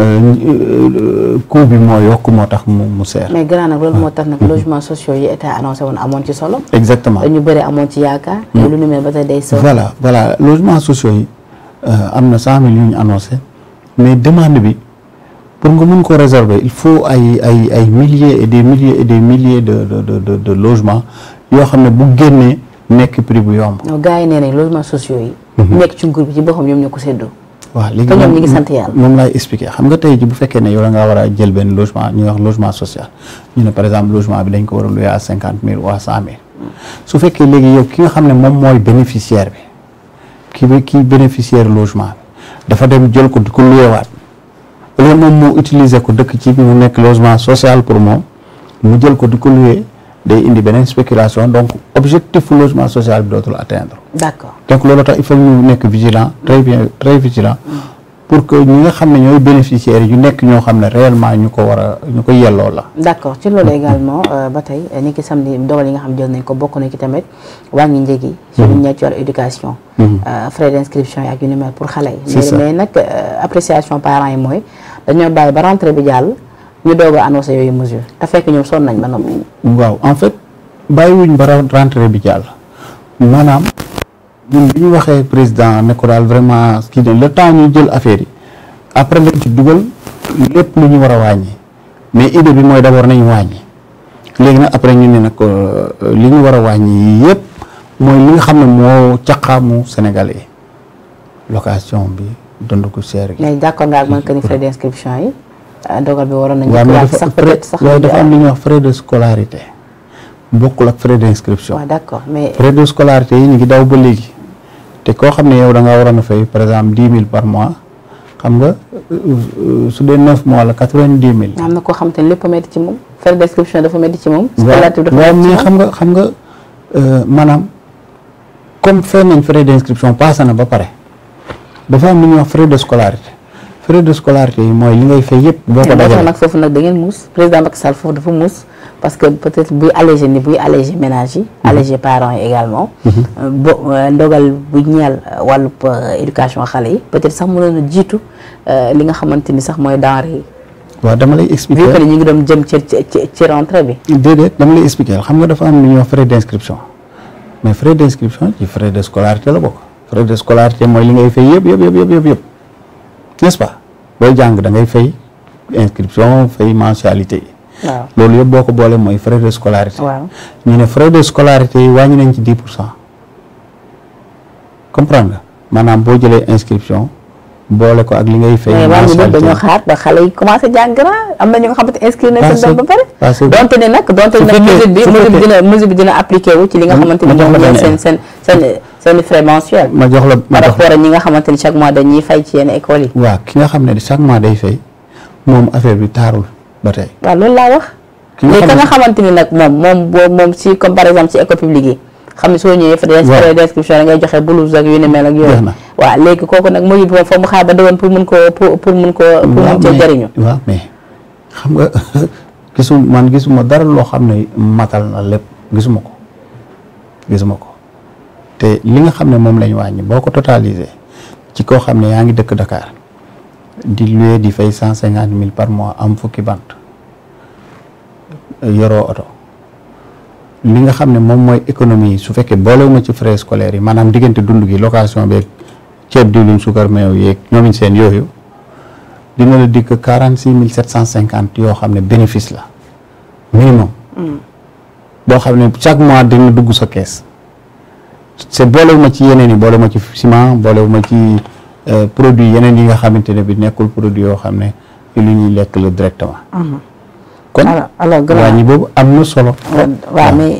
Euh, coût bi moo yokk moo tax mu mu seer. mais grand nag loolu moo tax nag logements sociaux yi état annoncé woon amoon ci solo. exactement ñu bëri amoon ci yaakaar. lu mm. nu mel ba tey day sociaux yi euh, am na cent mille yu ñu mais demande bi pour nga mun ko réserver il faut ay ay ay milliers et des milliers et des milliers de de de de, de logements yoo xam ne bu génnee nekk prix bu yomb. non gars yi nee nañ logements sociaux yi. Mm-hmm. nekk ci nguur bi ci boppam ñoom ñoo ko séddoo. waaw léegi ñoom ñu ngi sant yàlla moom laay expliquer xam nga tey ji bu fekkee ne yow da ngaa war a jël benn logement ñu wax logement social ñu ne par exemple logement bi dañ ko war a louer à cinquante mille ou su fekkee léegi yow ki nga xam ne moom mooy bénéficiaire bi ki bi kii bénéficiaire logement dafa dem jël ko di ko waat loolu moom moo utiliser ko dëkk ci bi mu nekk logement social pour moom mu jël ko di ko louer day indi beneen spéculation donc objectif logement social bi dootul atteindre d'accord donc loolu tax il faut ñu nekk vigilant très bien très vigilant pour que ñi nga xam ne ñooy bénéficiaires yu nekk ñoo xam ne réellement ñu ko war a ñu ko yelloo la. d'accord ci loolu également euh, ba tey euh, ni ki samedi dogal yi nga xam jël nañ ko bokk nañ ci tamit wàññi njëg yi. ci mhm. lu ñu mhm. euh, pour xale yi. mais mais nag yi mooy dañoo bàyyi ba rentrée bi jàll ñu doog a annoncé yooyu mesure te fekk ñoom sonn nañ ba noppi. waaw en fait bàyyiwuñ ba rentrée bi jàll maanaam. ñun bi ñu waxee président ne ko daal vraiment kii ne le temps ñu jël affaire yi après lañ dugal lépp lu ñu war a wàññi mais idée bi mooy d'abord nañu wàññi léegi nag après ñu ne nag euh, li ñu war a wàññi yépp mooy li nga xam ne moo caqaamu Sénégal yi location bi dund ko cher gi. mais d'accord nga ak man que ni frais euh, waroon nañu. waaw sax sax waaye lu ñuy wax frais de scolarité bokkul ak frais d'inscription. waaw mais frais de scolarité yi ñu ngi daw ba léegi. te koo xam ne yow da ngaa waroon a fay par exemple dix mil par mois xam nga su dee neuf mois la quatre vingt dix mille. am na koo xam te ne lépp a métti ci moom frais d'inscription dafa métti ci moom. scolarité dafa métti ci moom waaw mais xam nga xam nga euh, maanaam comme fay nañ frais d'inscription passé na ba pare dafa am lu ñuy wax frais de scolarité. frais de scolarité yi mooy li ngay fay yëpp. boo ko dajalee nag foofu nag da muus président Macky Sall foofu dafa muus parce que peut-être buy allégé ni buy allégé ménage yi. Mhm. allégé parents yi également. Mhm. Euh, euh, ndogal bu ñeel euh, wàllub éducation xale yi peut-être sax mënoon a jiitu li nga xamante ni sax mooy denrée yi. waaw dama lay expliquer vu que ñu ngi doon jëm ci ci bi. déedéet dama lay expliquer xam nga dafa am lu ñuy wax frais d'inscription mais frais d'inscription ci frais de scolarité la n'est-ce pas booy jàng da ngay fay inscription fay mensualité waaw loolu yëpp boo ko boole mooy frais de scolarité. waaw ñu ne frais de scolarité yi wàññi nañ ci dix pour cent comprendre nga boo jëlee inscription boole ko ak li ngay fay. mensualité dañoo xaar ba xale yi commencé jàng grand na ñu nga xamante inscrit nañ seen bi dina mesure bi dina appliqué wu ci li nga xamante ne moom seen seen seen. seeni ma jox la ma jox rapport ak ñi nga xamante ni chaque mois dañuy fay ci yenn écoles yi. waaw ki nga xam ne chaque mois day fay moom affaire bi taarul ba tey. waaw loolu laa wax. xamante ni nag moom moom boo moom si comme par exemple si école ne soo ñëwee fa des frais d'inscription ngay joxe blouse ak yu ni mel ak yooyu waaw léegi kooku nag murid moom foo mu xaar ba déwén pour mun koo pour pour mun koo pour mun cee jëriñu waaw mais xam nga *laughs* gisu man gisuma dara loo xam ne matal na lépp gisuma ko gisuma ko te li nga xam ne moom lañ wàññi boo ko totalisé ci koo xam ne yaa ngi dëkk dakaar di loué di fay cent cinquante mille par mois am fukki bant yoroo oto li nga xam ne moom mooy économie yi su fekkee boolewuma ci frais scolaires yi maanaam diggante dund gi location beeg ceeb diwlin suukar meew yeeg ñoomiñ seen yooyu dina la dikk quarante six mille sept cent cinquante yoo xam ne bénéfice la minimum mm. boo xam ne chaque mois dina dugg sa kees c'est boolewuma ci yeneen yi boolewuma ci ciment boolewuma ci euh, produit yeneen yi nga xamante ne bi nekkul produit yoo xam ne ci lu ñuy lekk la directement. kon wàññi boobu am na solo. Euh, waaw ah. mais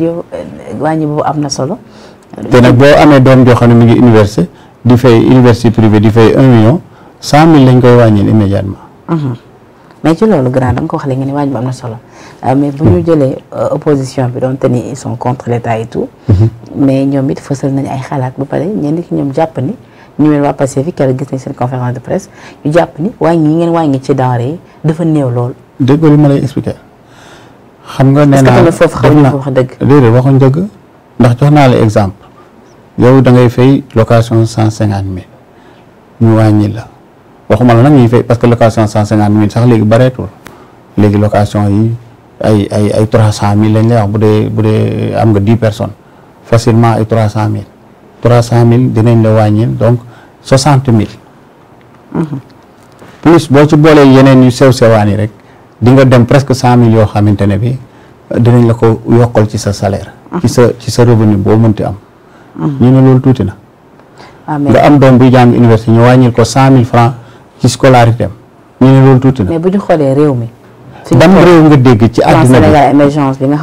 euh, wàññi boobu am na solo. te nag boo amee doom joo xam ne mu ngi université di fay université privée di fay un million cent mille lañ koy wàññil immédiatement. mais ci loolu grand da nga ko wax léegi ne wàññi ba am na solo mais bu ñu hmm. jëlee opposition bi doon te ni ils sont contre l' état et tout. Hmm. mais ñoom it fësal nañu ay xalaat ba pare ñenn ki ñoom jàpp ni ñu mel waa Pastef yi keroog gis nañ seen conférence de presse ñu jàpp ni wàññi yi ngeen wàññi ci denrée yi dafa néew lool. dëgg li ma lay expliquer. xam nga nee naa foofu xaw ñu dëgg. déedéet waxuñ dëgg ndax jox naa la exemple yow da ngay fay location cent cinquante mille ñu wàññi la waxuma la nag ñuy fay parce que location cent cinquante mille sax léegi bareetul léegi location yi ay ay ay trois cent lañ lay wax bu dee bu dee am nga dix personnes. facilement ay trois cent mille trois cent mille dinañ la wàññil donc soixante mille mhm. plus boo ci boolee yeneen yu sew sewaan yi rek di nga dem presque cent yoo xamante ne bi euh, dinañ la ko yokkal ci sa salaire mhm. ci sa ci sa revenu boo ti am mhm. ñu ne loolu tuuti na ah, nga am doom buy jàng université ñu wàññil ko cent mille francs ci scolarité ñu ne loolu tuuti na ban réew nga dégg ci àddina bi Sénégal bi nga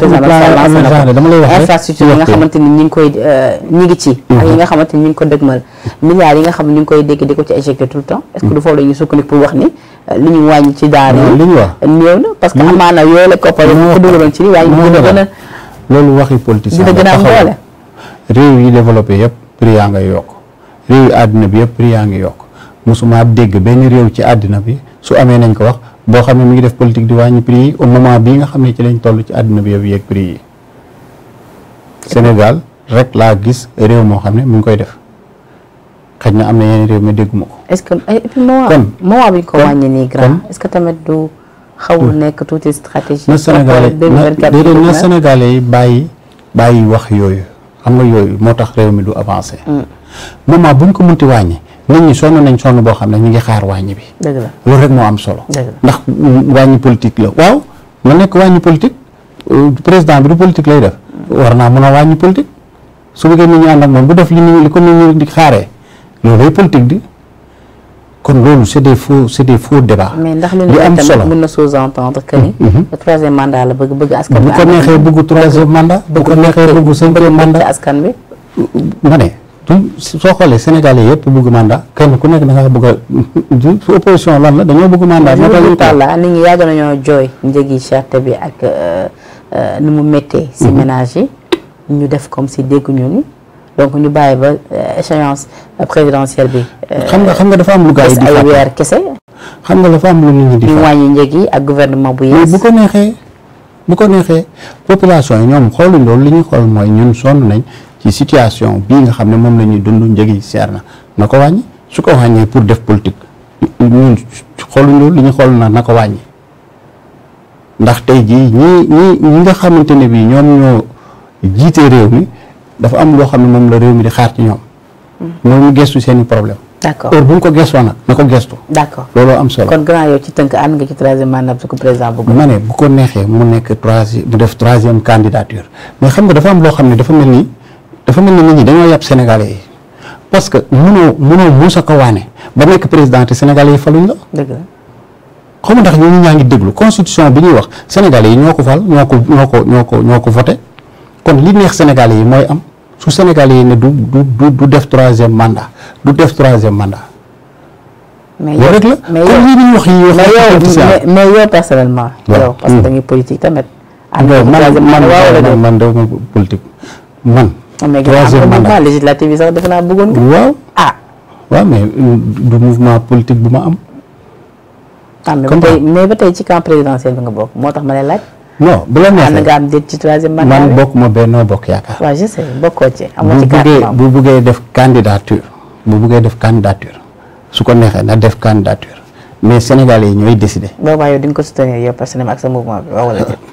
xamante ne dama lay wax infrastructure yi nga ni ñi ngi koy euh, ñi ngi ci ak yi nga xamante ni ñi ngi ko dëgmal milliards yi nga xam ne ñi ngi koy dégg di ko ci éjecté tout le temps est-ce que du foofu la ñuy sukkandiku pour wax ni euh, li ñu wàññi ci daara li ñu wax néew na parce que amaana yooyu la koppar ko dugaloon ci li waaye dina gën a loolu waxi politicien am doole réew yi développé yëpp prix yaa yokk réew yi àddina bi yëpp ngi yokk réew ci àddina bi su amee nañ ko wax boo xam ne mi ngi def politique di wàññi prix yi au moment nga xam ne ci lañ toll ci àdduna bi yëpp yeeg prix yi Sénégal rek laa gis réew moo xam ne mu ngi koy def xaj na am na yeneen réew mi dégguma ko. est-ce que et puis moment que tamit du xaw hmm. nekk tuuti stratégie. na na na Sénégalais bàyyi bàyyi wax yooyu xam nga yooyu moo tax réew du avancé. Hmm. moment bu ñu ko mënti wàññi. nit ñi sonn nañ sonn boo xam ne ñu ngi xaar wàññi bi. dëgg la loolu rek moo am solo. ndax wàññi politique la waaw ma nekk wàññi politique euh, président bi du politique lay def. war naa mën a wàññi politique su bëggee nit ñi ànd ak moom bu def li ñu ko nit ñi di xaaree loolu lay politique di kon loolu c' est des faux c' est des faux débats. mais ndax lu am solo mën na sous-entendre que ni. Mm-hmm. troisième mandat la bu ko neexee bëggu troisième mandat. bu ko neexee bëggu cinquième mandat ma ne. soo xoolee Sénégalais yëpp bëgg mandat kenn ku nekk da nga bëgg a su opposition lan la dañoo bëgg mandat. moo tax nit ñi yàgg nañoo jooy njëgi charte bi ak euh, euh, nu mu méttee. si mhm. ménage yi ñu def comme si dégguñu ni donc ñu bàyyi ba euh, échéance présidentielle bi. xam nga xam nga dafa am lu gars yi di xam nga dafa am lu nit ñi di. ñu wàññi njëg yi ak gouvernement bu yees. bu ko neexee bu ko neexee population yi ñoom xooluñ loolu li ñuy xool mooy ñun sonn nañ. ci situation bii nga xam ne moom la dundu dund njëg yi seer na na ko wàññi su ko wàññee pour def politique ñun xooluñu li ñu xool na na ko wàññi ndax tey jii ñi ñi nga xamante ne bii ñoom ñoo réew mi dafa am loo xam ne moom la réew mi di xaar ci ñoom. mooy hmm. mu seen problème. d'accord heure bu ñu ko gestoo nag na ko gestu. d'accord looloo am solo. kon grand yow ci tënk ànd nga ci troisième mandat su ko président bëgg. ma ne bu ko neexee mu nekk troisième mu def troisième candidature mais xam nga dafa am loo xam ne dafa mel ni. dafa mel ni nit ñi dañoo yàpp Sénégalais yi parce que mënoo mënoo muusa ko waane ba nekk président te Sénégalais yi faluñ la. dëgg la xaw ma ndax ñooñu ñaa ngi déglu constitution bi ñuy wax Sénégalais yi ñoo ko fal ñoo ko ñoo ko ñoo ko ñoo ko voté kon li neex Sénégalais yi mooy am su Sénégalais du du def troisième mandat du def troisième mandat. mais yow rek la comme lii ñuy wax yi wax. mais yow mais yow personnellement. yow hmm. man man man man man. mais troisième mandat législative yi sax defe naa bëggoon waaw ah waaw mais euh, du mouvement politique bu ma am ah, mais ba tey ci camp présidentiel bi nga bokk moo tax ma lay bu la neexee nga am déet ci troisième mandat man bokk ma Benno Bokk Yaakaar waaw je sais bokkoo ci amoo ci bu buggee def candidature bu buggee def candidature su ko neexee na def candidature mais Sénégalais yi ñooy décidé. boobaa yow di ko soutenir yow personnellement ak sa mouvement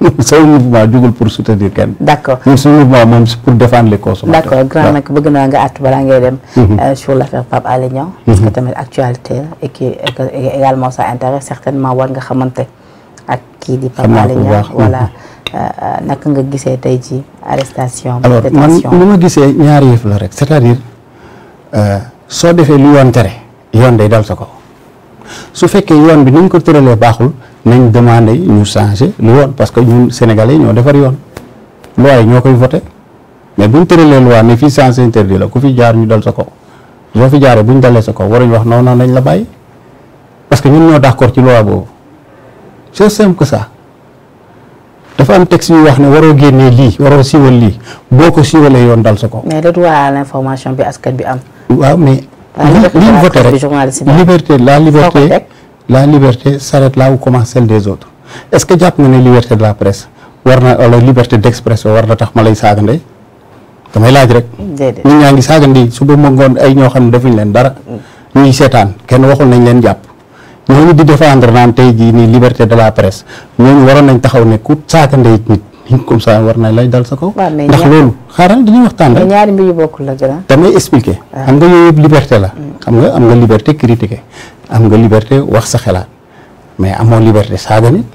*laughs* mouvement jugul pour soutenir kenn. d' accord ñun suñu mouvement moom pour défendre les consommateurs. grand nag bëgg naa nga àtt balaa ngay dem. Mhm. Euh, sur l' affaire Pape Alé Niang. Mhm. parce que tamit actualité et qui également nga xamante ak kii di. Pape Alé Niang voilà. Mhm. Euh, naka nga gisee tey ci arrestation. alors man li ma gisee ñaari yëf la rek c' est euh, soo defee lu yoon tere yoon day dal sa kaw. su fekkee yoon bi ni ñu ko tëralee baaxul nañ demandé ñu changé lu yoon parce que ñun sénégalais ñoo defar yoon loi yi ñoo koy vote mais bu ñu tëralee waa ne fii sens interdit la ku fi jaar ñu dal sa kaw soo fi jaaree bu ñu dalee sa ko waruñ wax non non nañ la bàyyi parce que ñun ñoo d'accord ci loi boobu c'est simple que ça dafa am texte yu wax ne waroo génnee lii waroo siiwal lii boo ko siiwalee yoon dal sa kaw. mais le droit à l'information bi askan bi am. waaw mais Ah, liberté la liberté la liberté s'arrête là où commence celle des autres est-ce que jàpp nga ne liberté de la presse war na wala liberté d'expression war na tax ma lay saaga ndey damay laaj rek ñun ñaa ngi saaga su ba ma ngoon ay ñoo xam ne defuñ leen dara ñuy seetaan kenn waxul nañ leen jàpp ñooñu di défendre naan tey jii nii liberté de la presse ñooñu waroon nañ taxaw ne ku saaga ndey nit *laughs* comme saa war na lay dal sa kaw. ndax loolu xaaral dañuy waxtaan rek. ñaari mbir yu bokkul la gën a. damay expliquer. xam nga yooyu yëpp liberté la. Mm. xam nga am nga liberté critiquer am nga liberté wax sa xelaat mais amoo liberté saaga nit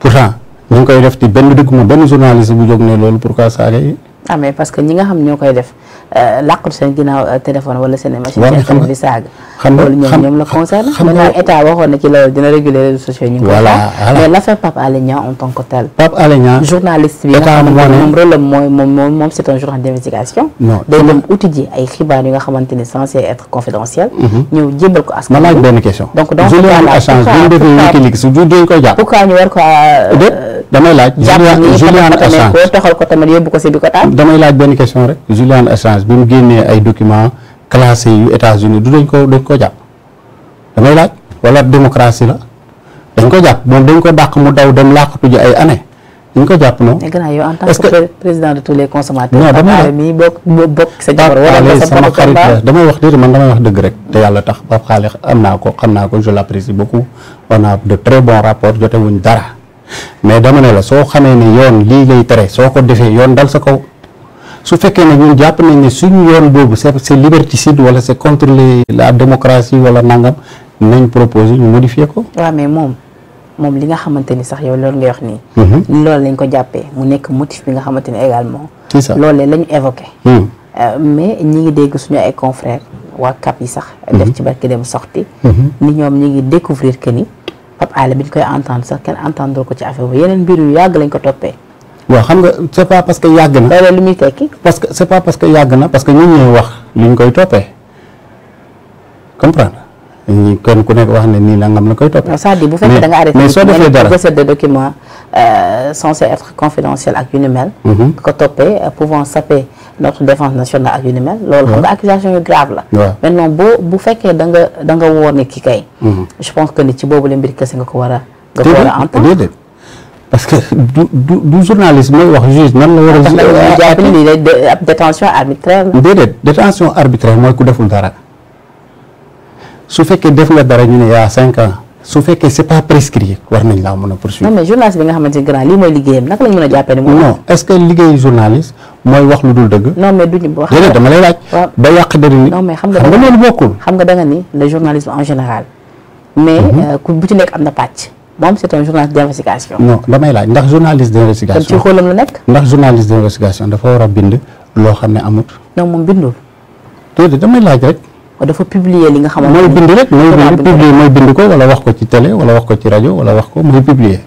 pourtant ñu ngi koy def ci benn dëkk ma benn journaliste bu jóg ne loolu pourquoi saaga yi. amee ah, parce que ñi nga xam ñoo koy def euh, làqut seen ginnaaw euh, téléphone wala seen machine seen di saaga loolu ñoom ñoom la concerne maintenant état waxoon na question donc donc duñ koy jàpp pourquoi ñu war ko euh, damay toxal ko tamit yóbbu ko si ko taal damay laaj benn question rek Julian Assange bi mu génnee ay documents classés yu États-Unis du dañ ko dañ ko jàpp damay laaj wala démocratie la dañ ko jàpp moom dañ ko dàq mu daw dem làqatu ji ay année dañ ko jàpp noonu. yow en que président de tous les consommateurs. non damay mi bokk wax dëgg man damay wax dëgg rek. te yàlla tax Pape Xaale am naa ko xam naa ko je l'apprécie beaucoup on a de très bons rapports jote wuñ dara mais dama ne la soo xamee ne yoon lii lay tere soo ko defee yoon dal sa kaw. su fekkee nag ñun jàpp nañ ne suñu yoon boobu c'est c'est liberticide wala c'est contre la démocratie wala nangam nañ proposé ñu modifier ko. waaw mais moom moom li nga xamante ni sax yow loolu ngay wax nii. Mm-hmm. loolu lañ ko jàppee mu nekk motif bi nga xamante ni également. c'est ça loolee lañ évoqué. Mm. Euh, mais ñi ngi dégg suñu ay confrères waa CAP yi sax. Mm-hmm. def ci barki dem sorti mm-hmm. ni ñoom ñi ngi découvrir que ni Pape Alé bi ñu koy entendre sax kenn entendre ko ci affaire yeneen mbir yu yàgg lañ ko toppee. waaw xam nga c' est pas parce que yàgg na. loolu lu muy tekki. parce que c' est pas parce que yàgg na parce que ñun ñooy wax li ñu koy toppee comprendre ku nekk wax ne nii nangam na koy toppee. non cest à bu fekkee da nga arrêté. soo defee dara euh, recette ak yu ni mel. Mhm. ko toppee euh, pouvant saper notre ak yu ni mel. loolu xam nga accusation yu grave la. waaw maintenant bu fekkee da nga da nga woo nit ki kay. Mhm. je pense que nit ci boobu la mbir kese nga ko war a. nga ko war a entendre parce que du du du journaliste mooy wax juge nan la war a. ab détention arbitraire la. déedéet détention arbitraire mooy ku deful dara su fekkee def nga dara ñu ne yaa cinq ans su fekkee c'est pas prescrit war nañ laa mën a poursuivre. non mais journaliste bi nga xamante ne grand mooy a jàppee ni moom. non est-ce que liggéeyu wax lu dul dëgg. non dama lay laaj. ba yàq dëri nit. xam nga loolu bokkul. xam nga da ni le journalisme en général. mais mhm. euh, ku bu ci nekk am na pàcc. moom c'est un journaliste d'investigation. non damay laaj ndax journaliste d'investigation. kon ci xoolam la nekk. ndax journaliste d'investigation dafa war a bind loo xam ne amut. non moom bindul. déedéet damay laaj rek. dafa publier li nga xamante ne mooy bind ko wala wax ko ci télé wala wax ko ci rajo wala wax ko mooy publier.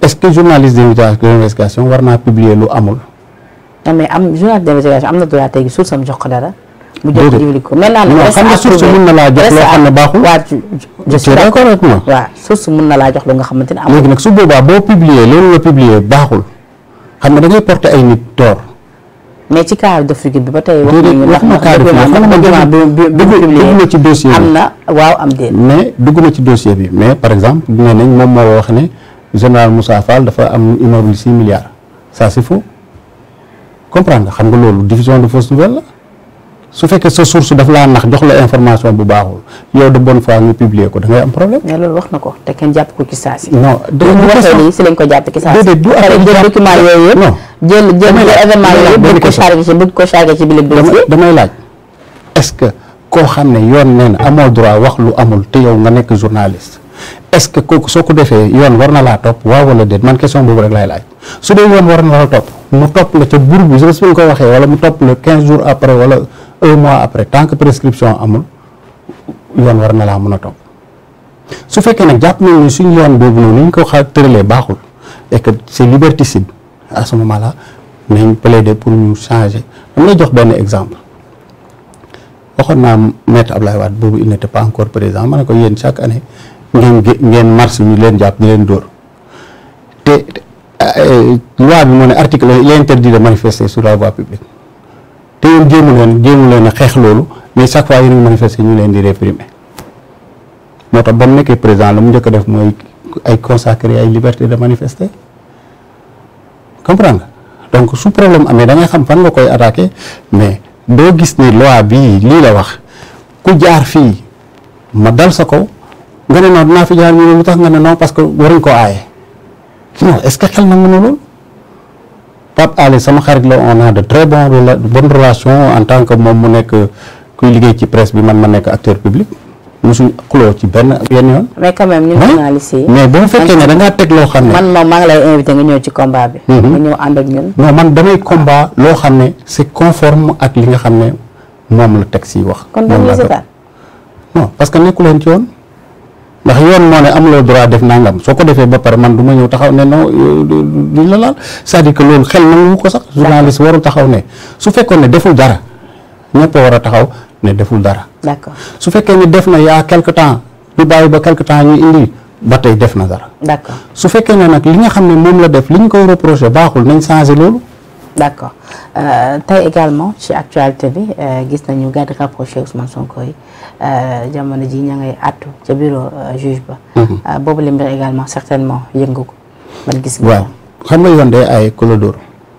est-ce que journaliste d'investigation war naa publier lu amul. non mais am journaliste d'investigation am na droit tey gi jox ko dara. mu jël diwli ko maintenant xam nga source na laa jox loo xam ne baaxul. waaw je suis d'accord avec source mun na laa jox loo nga xamante ne amul. léegi na su boobaa boo publier loolu nga baaxul xam nga da ngay ay nit tort. mais ci cas de figure bi ba tey wax nañu wax na cas de figure am na waaw am déet mais dugg na ci dossier bi mais par exemple nee nañ moom moo wax ne général Moussa Fall dafa am immeuble six milliards ça c'est faux nga xam nga loolu diffusion de fausse nouvelle su fekkee sa source daf laa nax jox la information bu baaxul yow de bonne fois nga publier ko da ngay am problème. mais wax na ko te kenn jàpp ko ci saa si. ko jàpp ko chargé ci bëgg ko chargé ci bile dossier. damay laaj est que koo xam ne yoon nee na amoo droit wax lu amul te yow nga nekk journaliste. est-ce que kooku soo ko defee yoon war na laa topp waaw wala de man question boobu rek laay laaj su dee yoon war na laa topp mu topp la ca bur bi su ko waxee wala mu topp la 15 jours après wala un mois après tant que prescription amul yoon war na laa mën a topp su fekkee nag jàpp nañ suñ suñu yoon boobu noonu ñu ko xa tëralee baaxul et que c'est liberticide à ce moment là nañ plaider pour ñu changer dama lay jox benn exemple waxoon naa maître Ablaye Wade boobu il n'était pas encore président ma ne ko yéen chaque année ngeen ngeen marche ñu leen jàpp ñu leen dóor te euh, loi bi mu ne article l'interdit de manifester sur la voie te yéen jéemu leen jéemu leen a xeex loolu mais chaque fois yéen a ngi manifester ñu leen di réprimer moo tax ba mu nekkee président la mu njëkk a def mooy ay consacrer ay liberté de manifester comprendre nga donc su problème amee da ngay xam fan nga koy attaqué mais doo gis ne loi bii lii la wax ku jaar fii ma dal sa kaw nga ne non naa fi jaar ñu ne tax nga ne non parce que waruñ ko aaye non est-ce que xel nangu na loolu Pape Alé sama xarit la on a de très bon relation en tant que moom mu nekk kuy liggéey ci presse bi man ma nekk acteur public mosuñ xuloo ci benn yenn yoon. mais quand même ñun journaliste yi. fekkee ne da teg loo xam ne. man moom maa ngi lay invité nga ñëw ci combat bi. Mhm. nga ñëw ànd ak ñun. non man damay combat loo xam ne c'est conforme ak li nga xam ne moom la teg si wax. kon dañuy parce que nekkuloon ci woon. ndax yoon moo ne amuloo droit def naa nangam soo ko defee ba pare man du ma ñëw taxaw ne non euh, duñ la laal c'est-à-dire que loolu xel nangu ko sax journaliste waru taxaw ne su fekkoon ne deful dara ñëpp war a taxaw ne deful dara d'accord su fekkee ni def na yaa quelque temps ñu bàyyi ba quelque temps ñu indi ba tey def na dara d'accord su fekkee ne nag li nga xam ne moom la def li ñu koy reproché baaxul nañ changé loolu d' accord euh, également ci actualité bi euh, gis nañu garde rapproché Ousmane Sonko yi euh, jamono ji ña ngay àttu ca bureau juge ba. Mhm. boobu la mbir également certainement yëngu ko man gis. waaw xam nga ay ku la dóor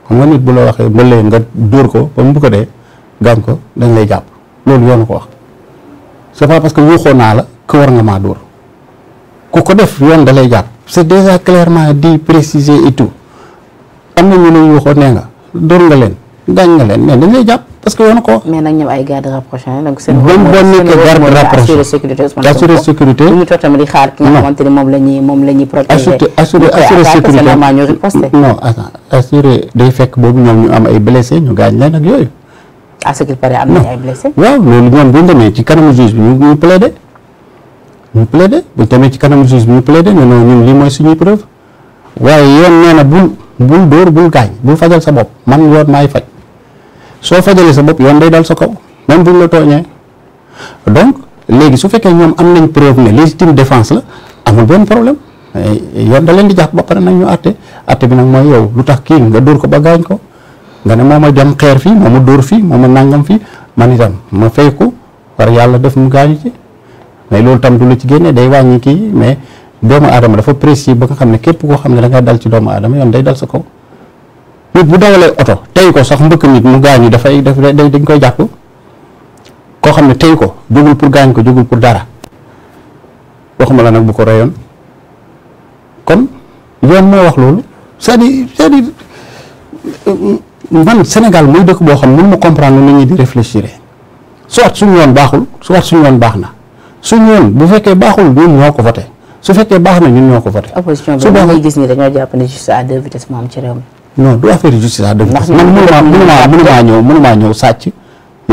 xam nga nit bu la waxee mbëllee nga dóor ko ba mu bu ko gaañ ko dañ lay jàpp loolu yoonu ko wax c' pas parce que waxoon naa la que war nga maa dóor ku ko def yoon da lay jàpp. c' déjà clairement dit précisé et am na ñu ne waxoon nee nga. dóor nga leen gaañ nga leen mais dañ lay jàpp parce que yoonu ko. mais nag ñoom garde rapproché assurer sécurité assurer assurer day fekk boobu ñoom ñu am ay blessé ñu gaañ leen ak yooyu. à waaw loolu ñoom bu ñu demee ci kanamu juge bi ñu ñu ñu plaidé bu ñu ci kanamu juge bi ñu plaidé ne ñun lii mooy suñuy preuve waaye yoon nee bu. bul dóor bul gaañ bul fajal sa bopp man yoon maay faj soo fajalee sa bopp yoon day dal sa kaw même buñ la tooñee donc léegi su fekkee ñoom am nañ preuve ne légitime défense la amul benn problème eh, yoon da leen di jàpp ba pare nañ ñu àtte àtte bi nag mooy yow lu tax kii nga dóor ko ba gaañ ko nga ne moo ma jam xeer fii moo ma dóor fii moo ma nàngam fii man itam ma fay ko war yàlla def mu gaañu ci mais loolu tam du la ci génne day wàññi kii mais doomu aadama dafa précis ba nga xam ne képp koo xam ne da dal ci doomu aadama yoon day dal sa kaw nit bu dawalee oto tey ko sax mbëkk nit mu gaañu dafay daf dañ koy jàpp koo xam ne tey ko jógul pour gaañ ko jógul pour dara waxuma la nag bu ko reyoon kon yoon moo wax loolu c'est-à-dire cest man Sénégal muy dëkk boo xam ne mun ma comprendre nit di di réfléchir soit suñu yoon baaxul su soit suñu yoon baax na suñu yoon bu fekkee baaxul ñun moo ko voté su fekkee baax na ñun ñoo ko voté. opposition bi dañuy gis ni dañoo jàpp ne justice ñëw mënumaa ñëw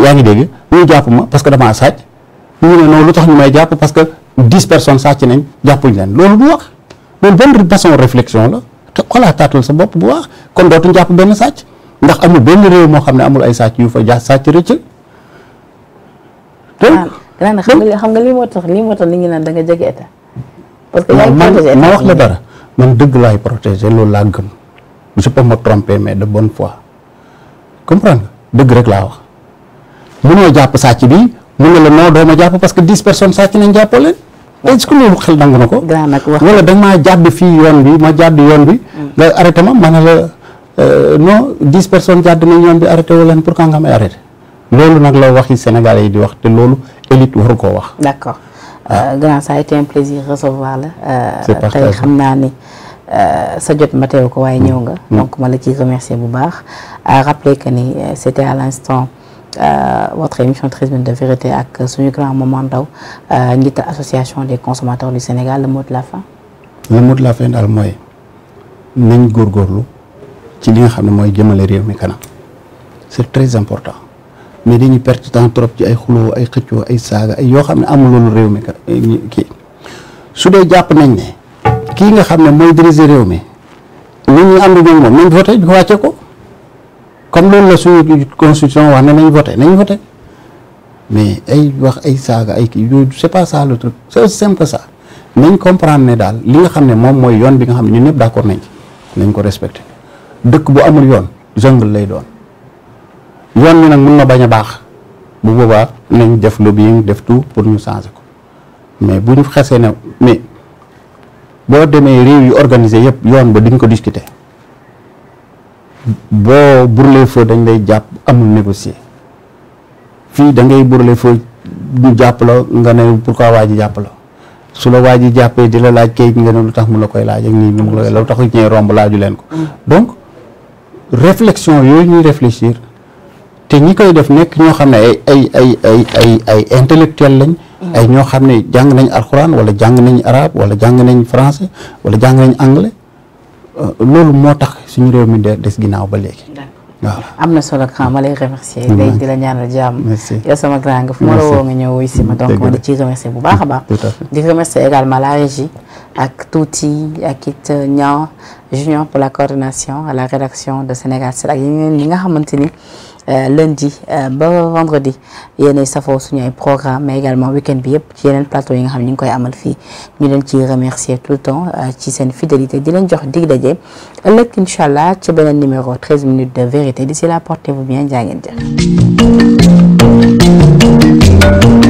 yaa ngi dégg ñu ma parce que damaa sàcc ñu ne noonu lu tax ñu may jàpp parce que dix personnes sàcc nañ jàppuñ leen loolu du wax loolu benn façon réflexion la te xalaataatal sa bopp bu wax kon dootuñ jàpp benn sàcc ndax amul benn réew moo xam ne amul ay sàcc yu fa ja sàcc rëccal ah, donc. xam nga li moo tax li moo tax li ñu naan da nga jege parce que yaa ngi protégé ma wax la dara man dëgg laay protégé loolu laa gëm je peux me tromper mais de bonne foi comprendre nga dëgg rek laa wax mënoo jàpp sàcc bi mu ne la non doo ma jàpp parce que dix personnes sàcc nañ jàppoo leen est-ce que loolu xel nangu na ko. wala da nga maa jàdd fii yoon bi ma jàdd yoon bi. Mm. nga arrêté ma ma ne la euh, non dix personnes jàdd nañ yoon bi arrêté wu leen pour que nga may arrêté. loolu nag la waxi Sénégalais yi di wax te loolu élite waru koo wax. Euh, grand ça a été un plaisir recevoir la euh, tey xam naa ni euh, sa jot ma ko waaye ñëw nga mm. donc ma la ciy remercier bu baax à rappeler que ni c'était à l'instant Euh, votre émission 13 de vérité ak suñu grand moment Ndao njiital association des consommateurs du Sénégal le mot de la fin. le mot la fin daal mooy nañ góorgóorlu ci li nga xam ne mooy jëmale réew mi kanam c'est très important. mais dañuy perte temps trop ci ay xuloo ay xëccoo ay saaga ay yoo xam ne amuloon réew mi kii su dee jàpp nañ ne kii nga xam ne mooy diriger réew mi nit ñi ànd ñoom moom nañ voté wàcce ko comme loolu la suñu constitution wax ne nañ voté nañ vote mais ay wax ay saaga ay kii yooyu c'est pas ça le truc c'est simple que nañ comprendre ne daal li nga xam ne moom mooy yoon bi nga xam ne ñun ñëpp d'accord nañ ci nañ ko respecté dëkk bu amul yoon jungle lay doon yoon wi nag mun na bañ a baax bu boobaa nañ def lobbying def tout pour ñu changer ko mais bu ñu xesee ne mais boo demee réew yu organisé yëpp yoon ba duñ ko discuter boo brûler feu dañ lay jàpp amul négocier fii da ngay brûler feu ñu jàpp la nga ne pourquoi waa ji jàpp la su la waa ji jàppee di la laaj kayit nga ne lu tax mu la koy laaj ak nii mu la tax ñee romb laaju leen ko mm. donc réflexion yooyu ñuy réfléchir te ñi koy def nekk ñoo xam ne ay ay ay intellectuel lañ mm-hmm. ay ñoo xam ne jàng nañ alxuraan wala jàng nañ arabe wala jàng nañ français wala jàng nañ anglais euh, loolu moo tax suñu réew mi de des ginnaaw ba léegi waaw am na solo grand lay remercier day mm-hmm. di la ñaanal jàmm yow sama grand fu ma la ñëw wuy si ma bu baax baax di remercier également la ak Touti ak it euh, Niang Junior pour la coordination à la rédaction de Sénégal 7 yi nga xamante ni Euh, lundi euh, ba vendredi yéenay safoo suñu ay programme mais également week bi yëpp ci yeneen plateau yi nga xam ne ñu ngi koy amal fii ñu leen ci remercier tout le temps euh, ci seen fidélité di leen jox dig daje ëllëg incha allah ci beneen numéro 13 minutes de vérité d'ici là portez-vous bien jaa ngeen jëf